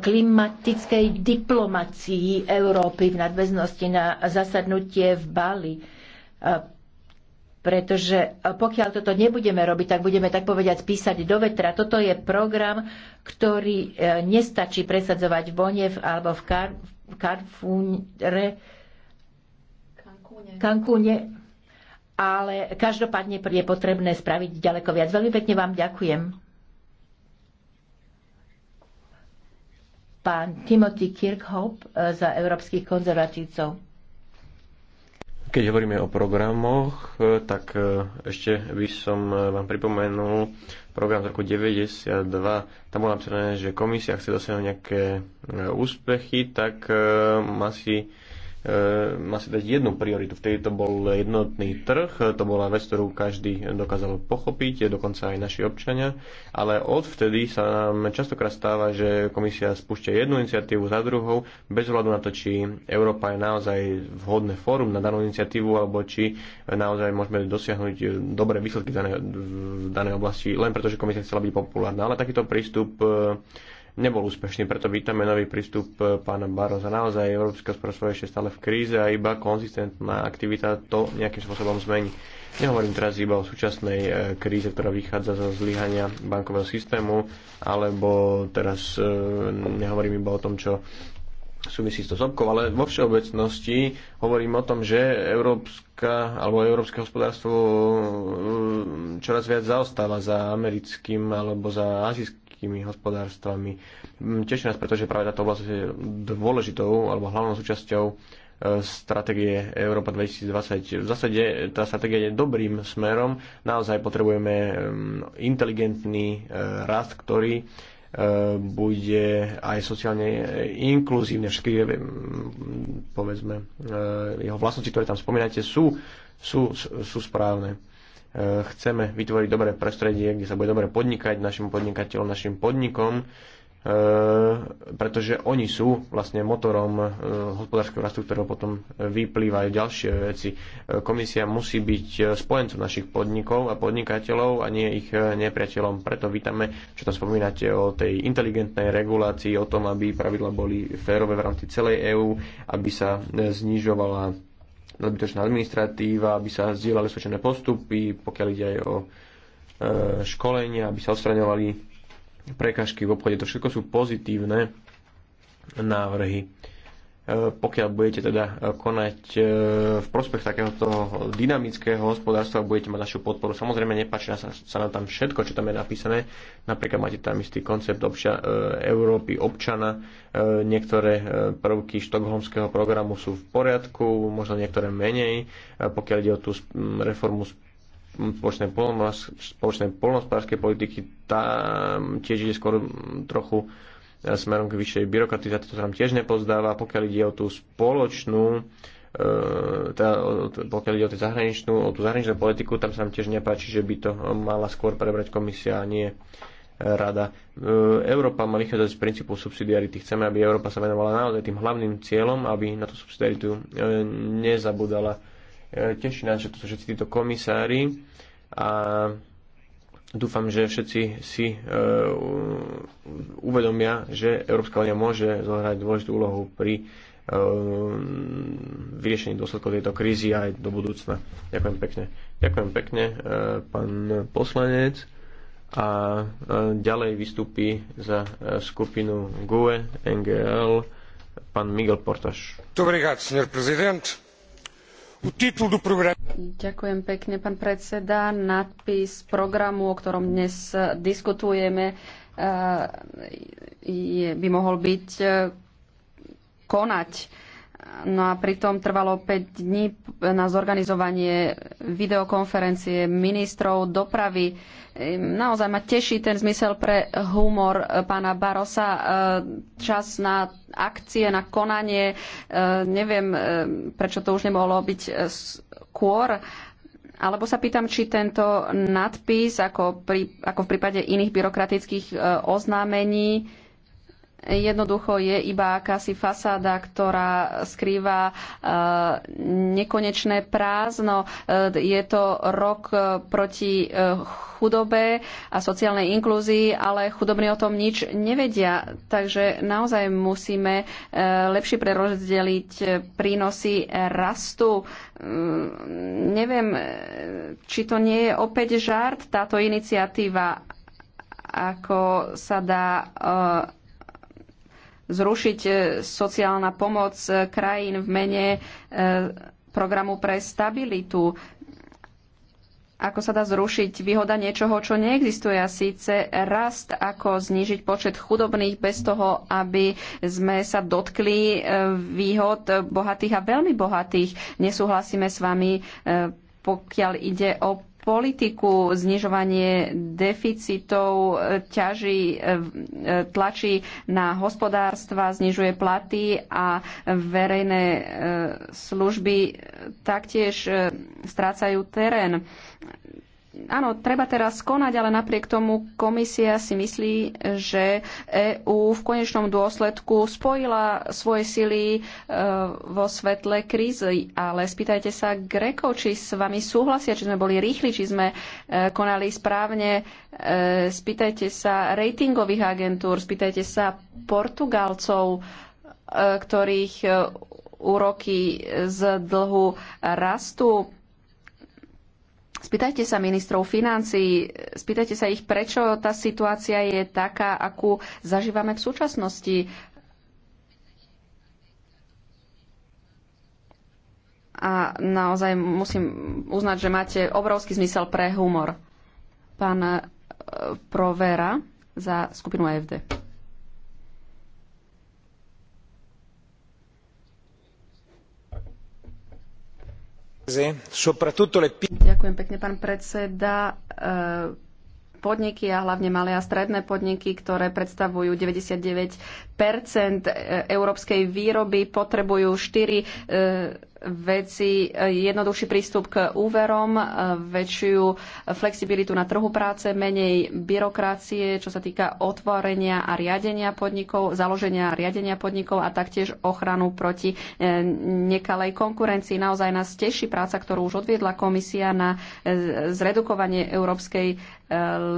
klimatickej diplomácii Európy v nadväznosti na zasadnutie v Bali e, pretože e, pokiaľ toto nebudeme robiť, tak budeme tak povedať písať do vetra. Toto je program, ktorý e, nestačí presadzovať v Bonev alebo v, Kar- Karfúne, ale každopádne je potrebné spraviť ďaleko viac. Veľmi pekne vám ďakujem. Pán Timothy Kirkhope e, za európskych konzervatívcov. Keď hovoríme o programoch, e, tak e, ešte by som e, vám pripomenul program z roku 92. Tam bolo napísané, že komisia chce dosiahnuť nejaké úspechy, tak má si E, má si dať jednu prioritu. Vtedy to bol jednotný trh, to bola vec, ktorú každý dokázal pochopiť, dokonca aj naši občania, ale odvtedy sa nám častokrát stáva, že komisia spúšťa jednu iniciatívu za druhou, bez hľadu na to, či Európa je naozaj vhodné fórum na danú iniciatívu, alebo či naozaj môžeme dosiahnuť dobré výsledky v danej, v danej oblasti, len preto, že komisia chcela byť populárna. Ale takýto prístup e, nebol úspešný, preto vítame nový prístup e, pána Baroza. Naozaj Európska hospodárstvo je stále v kríze a iba konzistentná aktivita to nejakým spôsobom zmení. Nehovorím teraz iba o súčasnej e, kríze, ktorá vychádza zo zlyhania bankového systému, alebo teraz e, nehovorím iba o tom, čo súvisí to s ale vo všeobecnosti hovorím o tom, že európska alebo európske hospodárstvo čoraz viac zaostáva za americkým alebo za azijským európskymi hospodárstvami. Mm, Teší nás, pretože práve táto oblasť je dôležitou alebo hlavnou súčasťou e, stratégie Európa 2020. V zásade tá stratégia je dobrým smerom. Naozaj potrebujeme mm, inteligentný e, rast, ktorý e, bude aj sociálne inkluzívne. Všetky, mm, povedzme, jeho vlastnosti, ktoré tam spomínate, sú, sú, sú správne. Eh, chceme vytvoriť dobré prostredie, kde sa bude dobre podnikať našim podnikateľom, našim podnikom, eh, pretože oni sú vlastne motorom eh, hospodárskeho rastu, ktorého potom vyplývajú ďalšie veci. Komisia musí byť spojencom našich podnikov a podnikateľov a nie ich nepriateľom. Preto vítame, čo tam spomínate o tej inteligentnej regulácii, o tom, aby pravidla boli férové v rámci celej EÚ, aby sa znižovala nadbytočná administratíva, aby sa zdieľali osvedčené postupy, pokiaľ ide aj o e, školenia, aby sa odstraňovali prekažky v obchode. To všetko sú pozitívne návrhy. E, pokiaľ budete teda e, konať e, v prospech takéhoto dynamického hospodárstva, budete mať našu podporu. Samozrejme, nepáči sa, sa nám tam všetko, čo tam je napísané. Napríklad máte tam istý koncept obča- Európy občana, niektoré prvky štokholmského programu sú v poriadku, možno niektoré menej, pokiaľ ide o tú reformu spoločnej, polnospárskej politiky, tá tiež ide skôr trochu E, smerom k vyššej byrokratizácii, to sa nám tiež nepozdáva, pokiaľ ide o tú spoločnú e, teda, pokiaľ ide o, zahraničnú, o tú zahraničnú politiku, tam sa nám tiež nepáči, že by to mala skôr prebrať komisia a nie rada. E, Európa má vychádzať z princípu subsidiarity. Chceme, aby Európa sa venovala naozaj tým hlavným cieľom, aby na tú subsidiaritu nezabudala. Teší nás, že to sú všetci títo komisári a Dúfam, že všetci si e, uvedomia, že Európska únia môže zohrať dôležitú úlohu pri e, vyriešení dôsledkov tejto krízy aj do budúcna. Ďakujem pekne. Ďakujem pekne, e, pán poslanec. A ďalej vystúpi za skupinu GUE, NGL, pán Miguel Portaš. Dobrý prezident. O título do programa... Ďakujem pekne, pán predseda. Nadpis programu, o ktorom dnes eh, diskutujeme, eh, je, by mohol byť eh, konať No a pritom trvalo 5 dní na zorganizovanie videokonferencie ministrov dopravy. Naozaj ma teší ten zmysel pre humor eh, pána Barosa. Eh, Čas na akcie, na konanie. Eh, Neviem, prečo to už nemohlo byť skôr. Alebo sa pýtam, či tento nadpis, ako, pri, ako v prípade iných byrokratických oznámení, jednoducho je iba akási fasáda, ktorá skrýva e, nekonečné prázdno. E, je to rok e, proti chudobe a sociálnej inklúzii, ale chudobní o tom nič nevedia. Takže naozaj musíme lepšie prerozdeliť prínosy rastu. Neviem, či to nie je opäť žart táto iniciatíva, ako sa dá zrušiť e, sociálna pomoc e, krajín v mene e, programu pre stabilitu. Ako sa dá zrušiť výhoda niečoho, čo neexistuje a síce rast, ako znížiť počet chudobných bez toho, aby sme sa dotkli výhod bohatých a veľmi bohatých. Nesúhlasíme s vami, pokiaľ ide o politiku, znižovanie deficitov e, ťaží, e, e, tlačí na hospodárstva, znižuje platy a verejné služby taktiež strácajú terén. Áno, treba teraz konať, ale napriek tomu komisia si myslí, že EÚ v konečnom dôsledku spojila svoje sily e, vo svetle krízy. Ale spýtajte sa Grekov, či s vami súhlasia, či sme boli rýchli, či sme e, konali správne. E, spýtajte sa ratingových agentúr, spýtajte sa Portugalcov, ktorých úroky z dlhu rastú Spýtajte sa ministrov financií, spýtajte sa ich, prečo tá situácia je taká, akú zažívame v súčasnosti. A naozaj musím uznať, že máte obrovský zmysel pre humor. Pán eh, Provera za skupinu AFD. Ďakujem pekne, pán predseda. E, podniky a hlavne malé a stredné podniky, ktoré predstavujú 99 e, európskej výroby, potrebujú 4 veci, eh, jednoduchší prístup k úverom, eh, väčšiu flexibilitu na trhu práce, menej byrokracie, čo sa týka otvorenia a riadenia podnikov, založenia a riadenia podnikov a taktiež ochranu proti eh, nekalej konkurencii. Naozaj nás teší práca, ktorú už odviedla komisia na zredukovanie európskej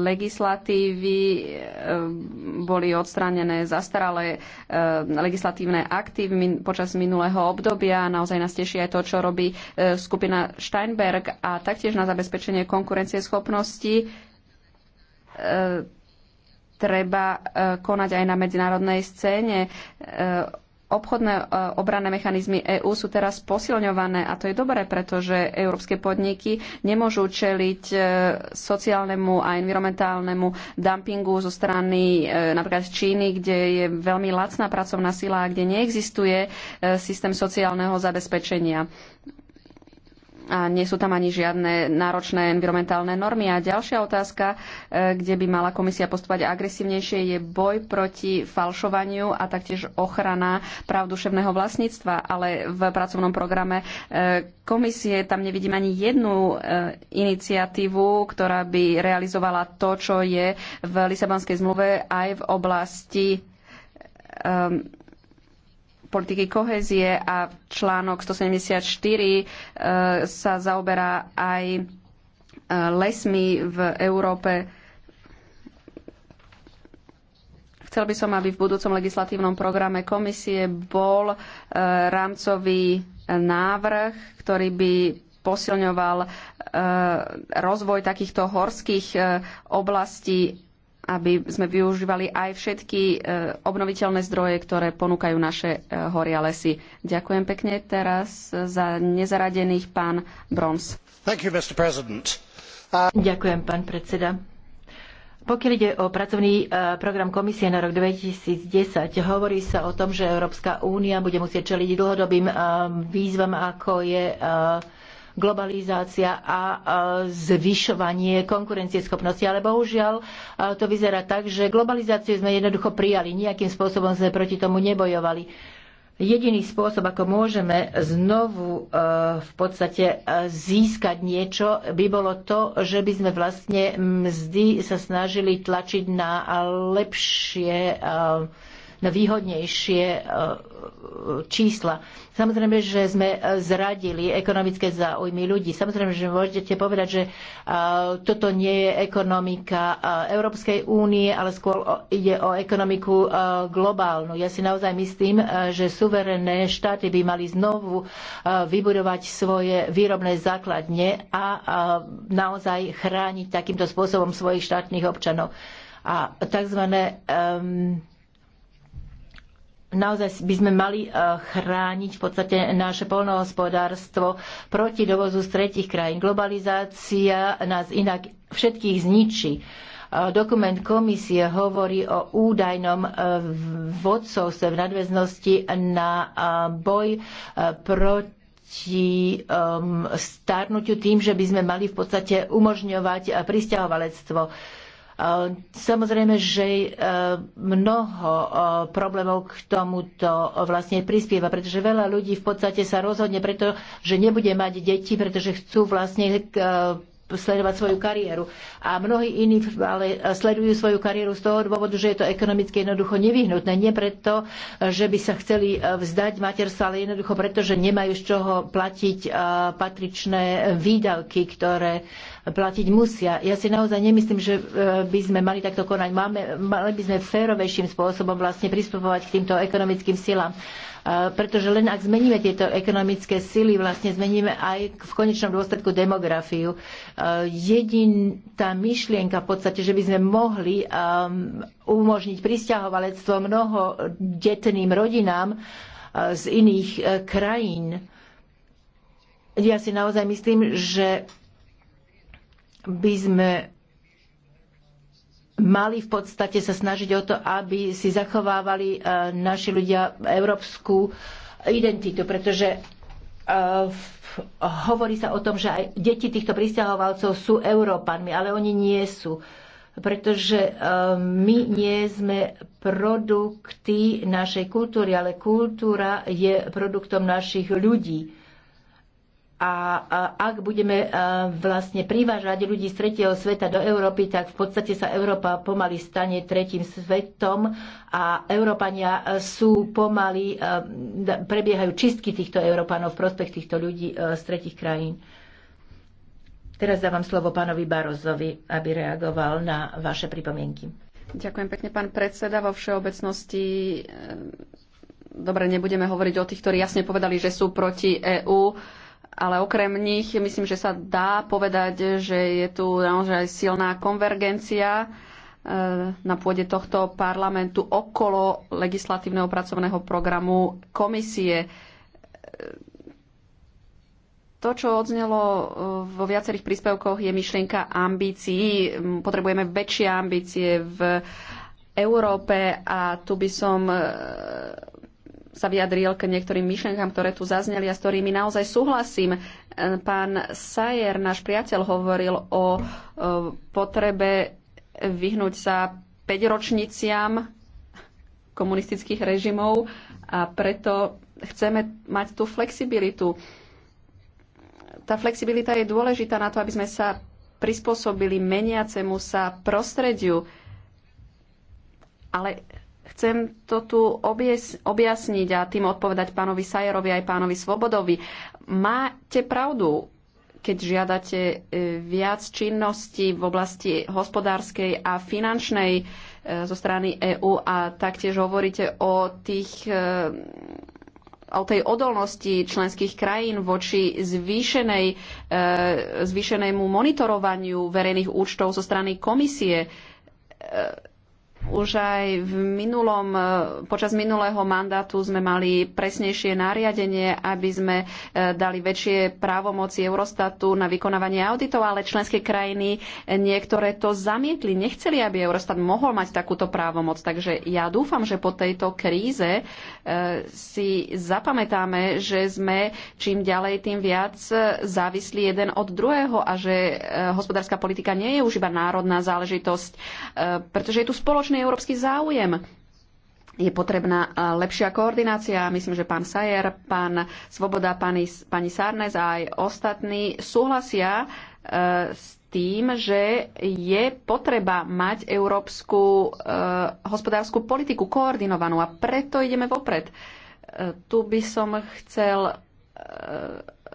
legislatívy e, boli odstranené zastaralé e, legislatívne akty počas minulého obdobia. Naozaj nás teší aj to, čo robí e, skupina Steinberg a taktiež na zabezpečenie konkurencieschopnosti treba konať aj na medzinárodnej scéne obchodné e, obranné mechanizmy EÚ sú teraz posilňované a to je dobré, pretože európske podniky nemôžu čeliť e, sociálnemu a environmentálnemu dumpingu zo strany e, napríklad Číny, kde je veľmi lacná pracovná sila a kde neexistuje systém sociálneho zabezpečenia a nie sú tam ani žiadne náročné environmentálne normy. A ďalšia otázka, e, kde by mala komisia postupovať agresívnejšie, je boj proti falšovaniu a taktiež ochrana práv duševného vlastníctva. Ale v pracovnom programe e, komisie tam nevidím ani jednu e, iniciatívu, ktorá by realizovala to, čo je v Lisabonskej zmluve aj v oblasti politiky kohezie a článok 174 e, sa zaoberá aj e, lesmi v Európe. Chcel by som, aby v budúcom legislatívnom programe komisie bol e, rámcový návrh, ktorý by posilňoval rozvoj takýchto horských oblastí aby sme využívali aj všetky e, obnoviteľné zdroje, ktoré ponúkajú naše e, hory a lesy. Ďakujem pekne teraz e, za nezaradených pán Brons. You, uh... Ďakujem, pán predseda. Pokiaľ ide o pracovný program komisie na rok 2010, hovorí sa o tom, že Európska únia bude musieť čeliť dlhodobým výzvam, ako je globalizácia a zvyšovanie konkurencieschopnosti. Ale bohužiaľ to vyzerá tak, že globalizáciu sme jednoducho prijali. Nejakým spôsobom sme proti tomu nebojovali. Jediný spôsob, ako môžeme znovu e, v podstate e, získať niečo, by bolo to, že by sme vlastne mzdy sa snažili tlačiť na lepšie e, na výhodnejšie e, čísla. Samozrejme, že sme e, zradili ekonomické záujmy ľudí. Samozrejme, že môžete povedať, že e, toto nie je ekonomika Európskej únie, ale skôr ide o ekonomiku globálnu. Ja si naozaj myslím, že suverénne štáty by mali znovu vybudovať svoje výrobné základne a naozaj chrániť takýmto spôsobom svojich štátnych občanov. A tzv. Um, naozaj by sme mali e, chrániť v podstate naše polnohospodárstvo proti dovozu z tretich krajín. Globalizácia nás inak všetkých zničí. E, dokument komisie hovorí o údajnom e, vodcovstve v nadväznosti na boj proti starnutiu tým, že by sme mali v podstate umožňovať pristahovalectvo. Eh, samozrejme, že eh, mnoho eh, problémov k tomuto vlastne prispieva, pretože veľa ľudí v podstate sa rozhodne preto, že nebude mať deti, pretože chcú vlastne sledovať svoju kariéru. A mnohí iní ale sledujú svoju kariéru z toho dôvodu, že je to ekonomicky jednoducho nevyhnutné. Nie preto, že by sa chceli e, vzdať materstva, ale jednoducho preto, že nemajú z čoho platiť e, patričné výdavky, ktoré platiť musia. Ja si naozaj nemyslím, že e, by sme mali takto konať. Máme, mali by sme férovejším spôsobom vlastne pristupovať k týmto ekonomickým silám. E, pretože len ak zmeníme tieto ekonomické sily, vlastne zmeníme aj v konečnom dôsledku demografiu. E, jedin tá myšlienka v podstate, že by sme mohli e, umožniť pristahovalectvo mnoho detným rodinám z iných krajín. Ja si naozaj myslím, že by sme mali v podstate sa snažiť o to, aby si zachovávali e, naši ľudia európsku identitu, pretože e, hovorí sa o tom, že aj deti týchto pristahovalcov sú Európanmi, ale oni nie sú pretože e, my nie sme produkty našej kultúry, ale kultúra je produktom našich ľudí. A ak budeme e, vlastne privážať ľudí z tretieho sveta do Európy, tak v podstate sa Európa pomaly stane tretím svetom a Európania e, sú pomaly, e, prebiehajú čistky týchto Európanov v prospech týchto ľudí z tretich krajín. Teraz dávam slovo pánovi Barozovi, aby reagoval na vaše pripomienky. Ďakujem pekne, pán predseda. Vo všeobecnosti dobre, nebudeme hovoriť o tých, ktorí jasne povedali, že sú proti EÚ ale okrem nich myslím, že sa dá povedať, že je tu naozaj silná konvergencia e, na pôde tohto parlamentu okolo legislatívneho pracovného programu komisie. E, to, čo odznelo e, vo viacerých príspevkoch, je myšlienka ambícií. Potrebujeme väčšie ambície v Európe a tu by som sa vyjadril k niektorým myšlenkám, ktoré tu zazneli a s ktorými naozaj súhlasím. E, pán Sajer, náš priateľ, hovoril o e, potrebe vyhnúť sa 5-ročniciam komunistických režimov a preto chceme mať tú flexibilitu. Tá flexibilita je dôležitá na to, aby sme sa prispôsobili meniacemu sa prostrediu. Ale Chcem to tu objasniť a tým odpovedať pánovi Sajerovi aj pánovi Svobodovi. Máte pravdu, keď žiadate e, viac činnosti v oblasti hospodárskej a finančnej e, zo strany EÚ a taktiež hovoríte o tých e, o tej odolnosti členských krajín voči zvýšenej, zvýšenému monitorovaniu verejných účtov zo strany komisie už aj v minulom, e, počas minulého mandátu sme mali presnejšie nariadenie, aby sme e, dali väčšie právomoci Eurostatu na vykonávanie auditov, ale členské krajiny e, niektoré to zamietli. Nechceli, aby Eurostat mohol mať takúto právomoc. Takže ja dúfam, že po tejto kríze si zapamätáme, že sme čím ďalej, tým viac závislí jeden od druhého a že hospodárska politika nie je už iba národná záležitosť, pretože je tu spoločná spoločný európsky záujem. Je potrebná eh, lepšia koordinácia. Myslím, že pán Sajer, pán Svoboda, pani, pani Sarnes a aj ostatní súhlasia eh, s tým, že je potreba mať európsku eh, hospodárskú politiku koordinovanú a preto ideme vopred. tu by som chcel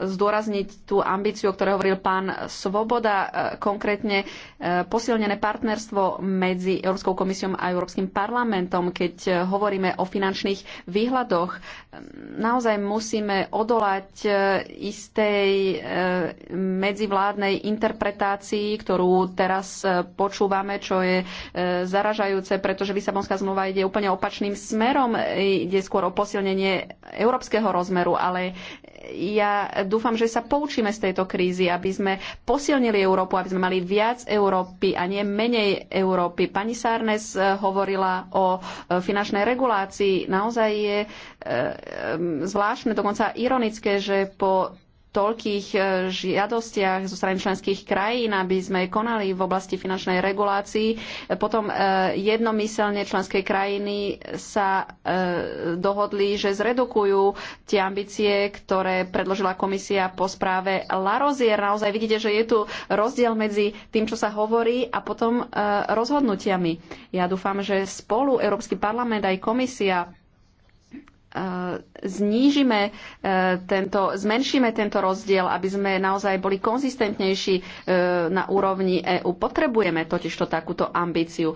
zdôrazniť tú ambíciu, o ktorej hovoril pán Svoboda, e, konkrétne e, posilnené partnerstvo medzi Európskou komisiou a Európskym parlamentom, keď e, hovoríme o finančných výhľadoch. Naozaj musíme odolať istej medzivládnej interpretácii, ktorú teraz počúvame, čo je zaražajúce, pretože Lisabonská zmluva ide úplne opačným smerom. Ide skôr o posilnenie európskeho rozmeru, ale ja dúfam, že sa poučíme z tejto krízy, aby sme posilnili Európu, aby sme mali viac Európy a nie menej Európy. Pani Sárnes eh, hovorila o eh, finančnej regulácii. Naozaj je eh, zvláštne, dokonca ironické, že po toľkých e, žiadostiach zo strany členských krajín, aby sme konali v oblasti finančnej regulácii. Potom e, jednomyselne členské krajiny sa e, dohodli, že zredukujú tie ambície, ktoré predložila komisia po správe Larozier. Naozaj vidíte, že je tu rozdiel medzi tým, čo sa hovorí a potom rozhodnutiami. Ja dúfam, že spolu Európsky parlament aj komisia E, znížime e, tento, zmenšíme tento rozdiel, aby sme naozaj boli konzistentnejší e, na úrovni EÚ. Potrebujeme totižto takúto ambíciu.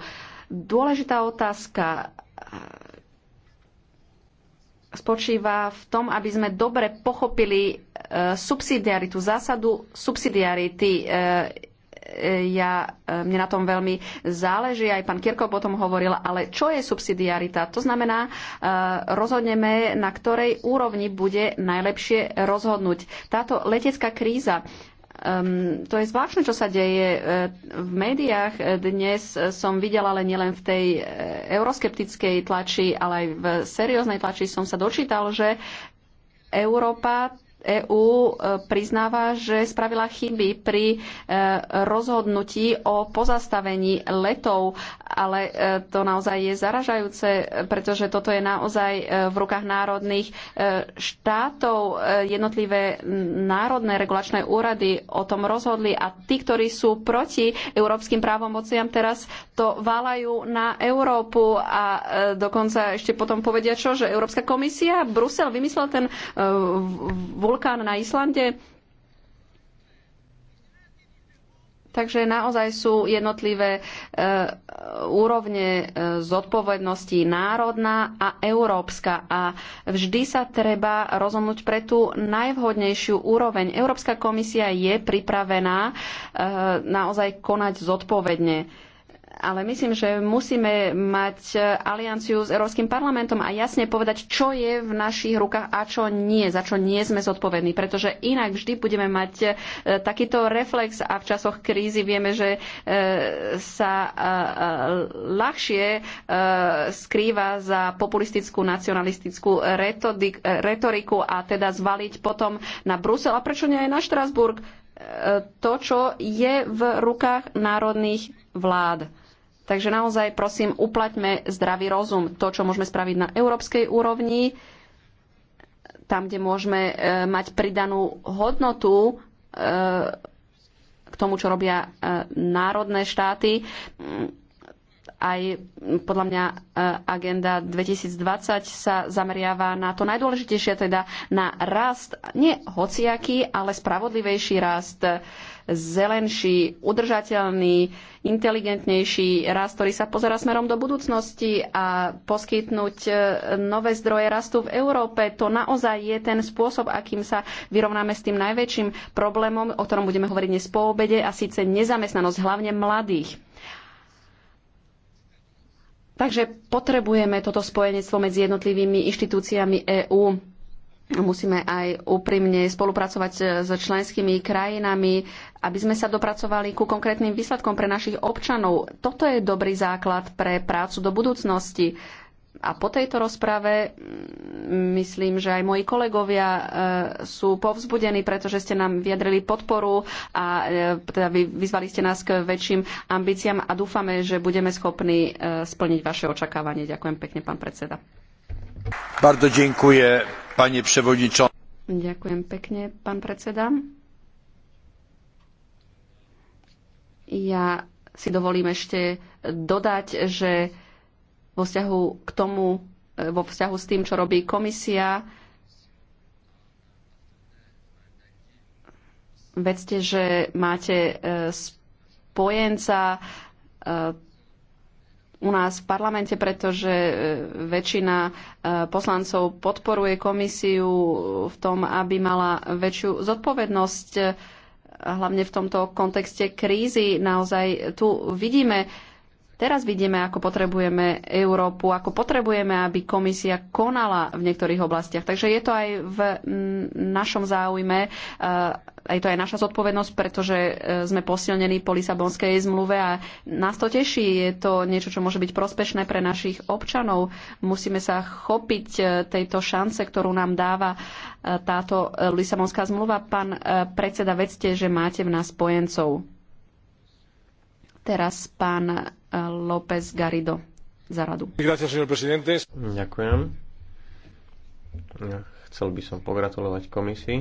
Dôležitá otázka spočíva v tom, aby sme dobre pochopili subsidiaritu, zásadu subsidiarity ja, e, mne na tom veľmi záleží, aj pán Kirko o tom hovoril, ale čo je subsidiarita? To znamená, e, rozhodneme, na ktorej úrovni bude najlepšie rozhodnúť. Táto letecká kríza, Um, to je zvláštne, čo sa deje e, v médiách. Dnes som videla, ale nielen v tej euroskeptickej tlači, ale aj v serióznej tlači som sa dočítal, že Európa EÚ e, priznáva, že spravila chyby pri e, rozhodnutí o pozastavení letov, ale e, to naozaj je zaražajúce, pretože toto je naozaj v rukách národných štátov. Jednotlivé národné regulačné úrady o tom rozhodli a tí, ktorí sú proti európskym právomociam, teraz to válajú na Európu a dokonca ešte potom povedia čo, že Európska komisia, Brusel vymyslel ten vulkán na Islande. Takže naozaj sú jednotlivé e, úrovne e, zodpovednosti národná a európska. A vždy sa treba rozhodnúť pre tú najvhodnejšiu úroveň. Európska komisia je pripravená e, naozaj konať zodpovedne ale myslím, že musíme mať alianciu s Európskym parlamentom a jasne povedať, čo je v našich rukách a čo nie, za čo nie sme zodpovední, pretože inak vždy budeme mať e, takýto reflex a v časoch krízy vieme, že e, sa e, ľahšie skrýva za populistickú nacionalistickú retoriku a teda zvaliť potom na Brusel a prečo nie aj na Štrasburg to, čo je v rukách národných vlád. Takže naozaj prosím, uplaťme zdravý rozum. To, čo môžeme spraviť na európskej úrovni, tam, kde môžeme e, mať pridanú hodnotu e, k tomu, čo robia e, národné štáty, mm, aj podľa mňa agenda 2020 sa zameriava na to najdôležitejšie, teda na rast, nie hociaký, ale spravodlivejší rast zelenší, udržateľný, inteligentnejší rast, ktorý sa pozera smerom do budúcnosti a poskytnúť e, nové zdroje rastu v Európe. To naozaj je ten spôsob, akým sa vyrovnáme s tým najväčším problémom, o ktorom budeme hovoriť dnes po obede, a síce nezamestnanosť hlavne mladých. Takže potrebujeme toto spojenectvo medzi jednotlivými inštitúciami EÚ musíme aj úprimne spolupracovať e, s členskými krajinami, aby sme sa dopracovali ku konkrétnym výsledkom pre našich občanov. Toto je dobrý základ pre prácu do budúcnosti. A po tejto rozprave mm, myslím, že aj moji kolegovia e, sú povzbudení, pretože ste nám vyjadrili podporu a e, teda vyzvali ste nás k väčším ambíciám a dúfame, že budeme schopní splniť vaše očakávanie. Ďakujem pekne, pán predseda. Bardzo dziękuję Ďakujem pekne, pán predseda. Ja si dovolím ešte dodať, že vo vzťahu k tomu, e, vo vzťahu s tým, čo robí komisia, vedzte, že máte e, spojenca e, u nás v parlamente, pretože e, väčšina e, poslancov podporuje komisiu v tom, aby mala väčšiu zodpovednosť e, hlavne v tomto kontexte krízy. Naozaj tu vidíme Teraz vidíme, ako potrebujeme Európu, ako potrebujeme, aby komisia konala v niektorých oblastiach. Takže je to aj v mm, našom záujme, aj eh, to aj naša zodpovednosť, pretože eh, sme posilnení po Lisabonskej zmluve a nás to teší. Je to niečo, čo môže byť prospešné pre našich občanov. Musíme sa chopiť eh, tejto šance, ktorú nám dáva táto Lisabonská zmluva. Pán predseda, vedzte, že máte v nás spojencov. Teraz pán López Garrido za radu. Ďakujem. Chcel by som pogratulovať komisii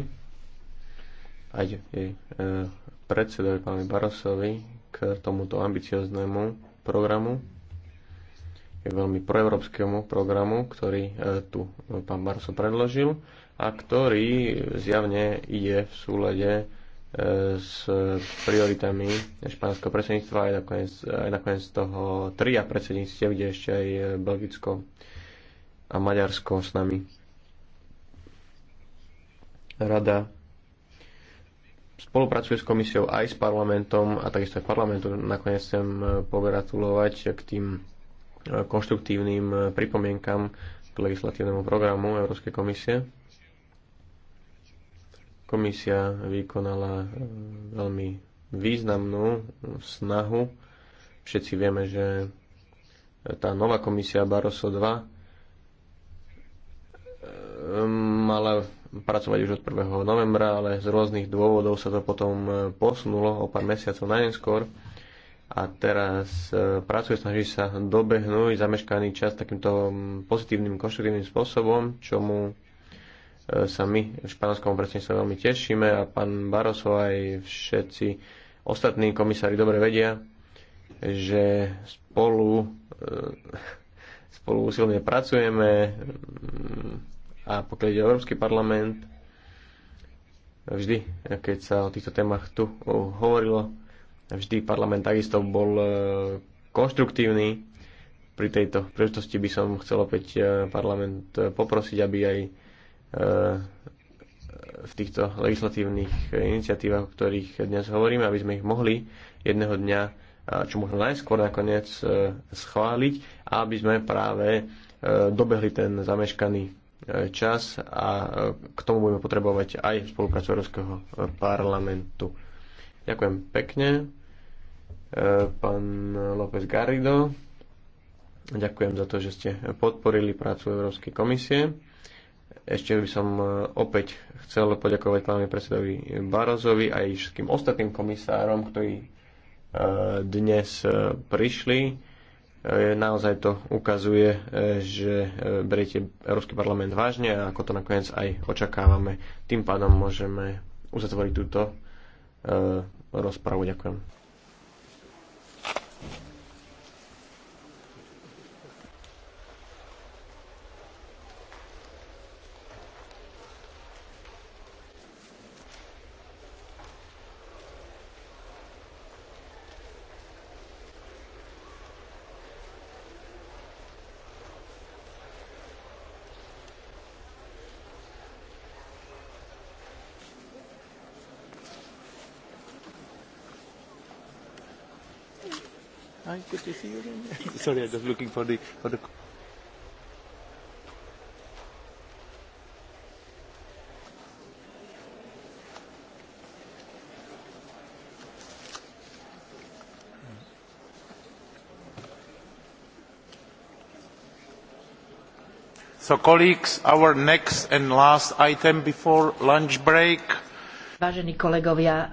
aj jej predsedovi pánovi Barosovi k tomuto ambicioznému programu, je veľmi proeurópskemu programu, ktorý e, tu pán Barso predložil a ktorý zjavne ide v súlade s prioritami španielského predsedníctva aj nakoniec, aj nakoniec toho tria predsedníctiev, kde ešte aj Belgicko a Maďarsko s nami. Rada spolupracuje s komisiou aj s parlamentom a takisto aj parlamentu. Nakoniec chcem pogratulovať k tým konštruktívnym pripomienkam k legislatívnemu programu Európskej komisie. Komisia vykonala eh, veľmi významnú snahu. Všetci vieme, že tá nová komisia Baroso 2 eh, mala pracovať už od 1. novembra, ale z rôznych dôvodov sa to potom eh, posunulo o pár mesiacov najneskôr a teraz pracuje, snaží sa dobehnúť zameškaný čas takýmto mm, pozitívnym, konštruktívnym spôsobom, čomu E, sa my v španielskom sa veľmi tešíme a pán Baroso aj všetci ostatní komisári dobre vedia, že spolu, e, spolu úsilne pracujeme a pokiaľ ide Európsky parlament, vždy, keď sa o týchto témach tu e, hovorilo, vždy parlament takisto bol konštruktívny. Pri tejto príležitosti by som chcel opäť parlament poprosiť, aby aj E, v týchto legislatívnych iniciatívach, o ktorých dnes hovoríme, aby sme ich mohli jedného dňa, čo možno najskôr nakoniec, e, schváliť, aby sme práve e, dobehli ten zameškaný čas a k tomu budeme potrebovať aj spoluprácu Európskeho parlamentu. Ďakujem pekne, pán López Garrido. Ďakujem za to, že ste podporili prácu Európskej komisie. Ešte by som e, opäť chcel poďakovať pánovi predsedovi Barozovi a aj všetkým ostatným komisárom, ktorí e, dnes e, prišli. Naozaj to ukazuje, že beriete Európsky parlament vážne a ako to nakoniec aj očakávame. Tým pádom môžeme uzatvoriť túto rozpravu. Ďakujem. 50 <laughs> euro? Sorry, I'm just looking for the, for the So, our next and last item before lunch break. Vážení kolegovia,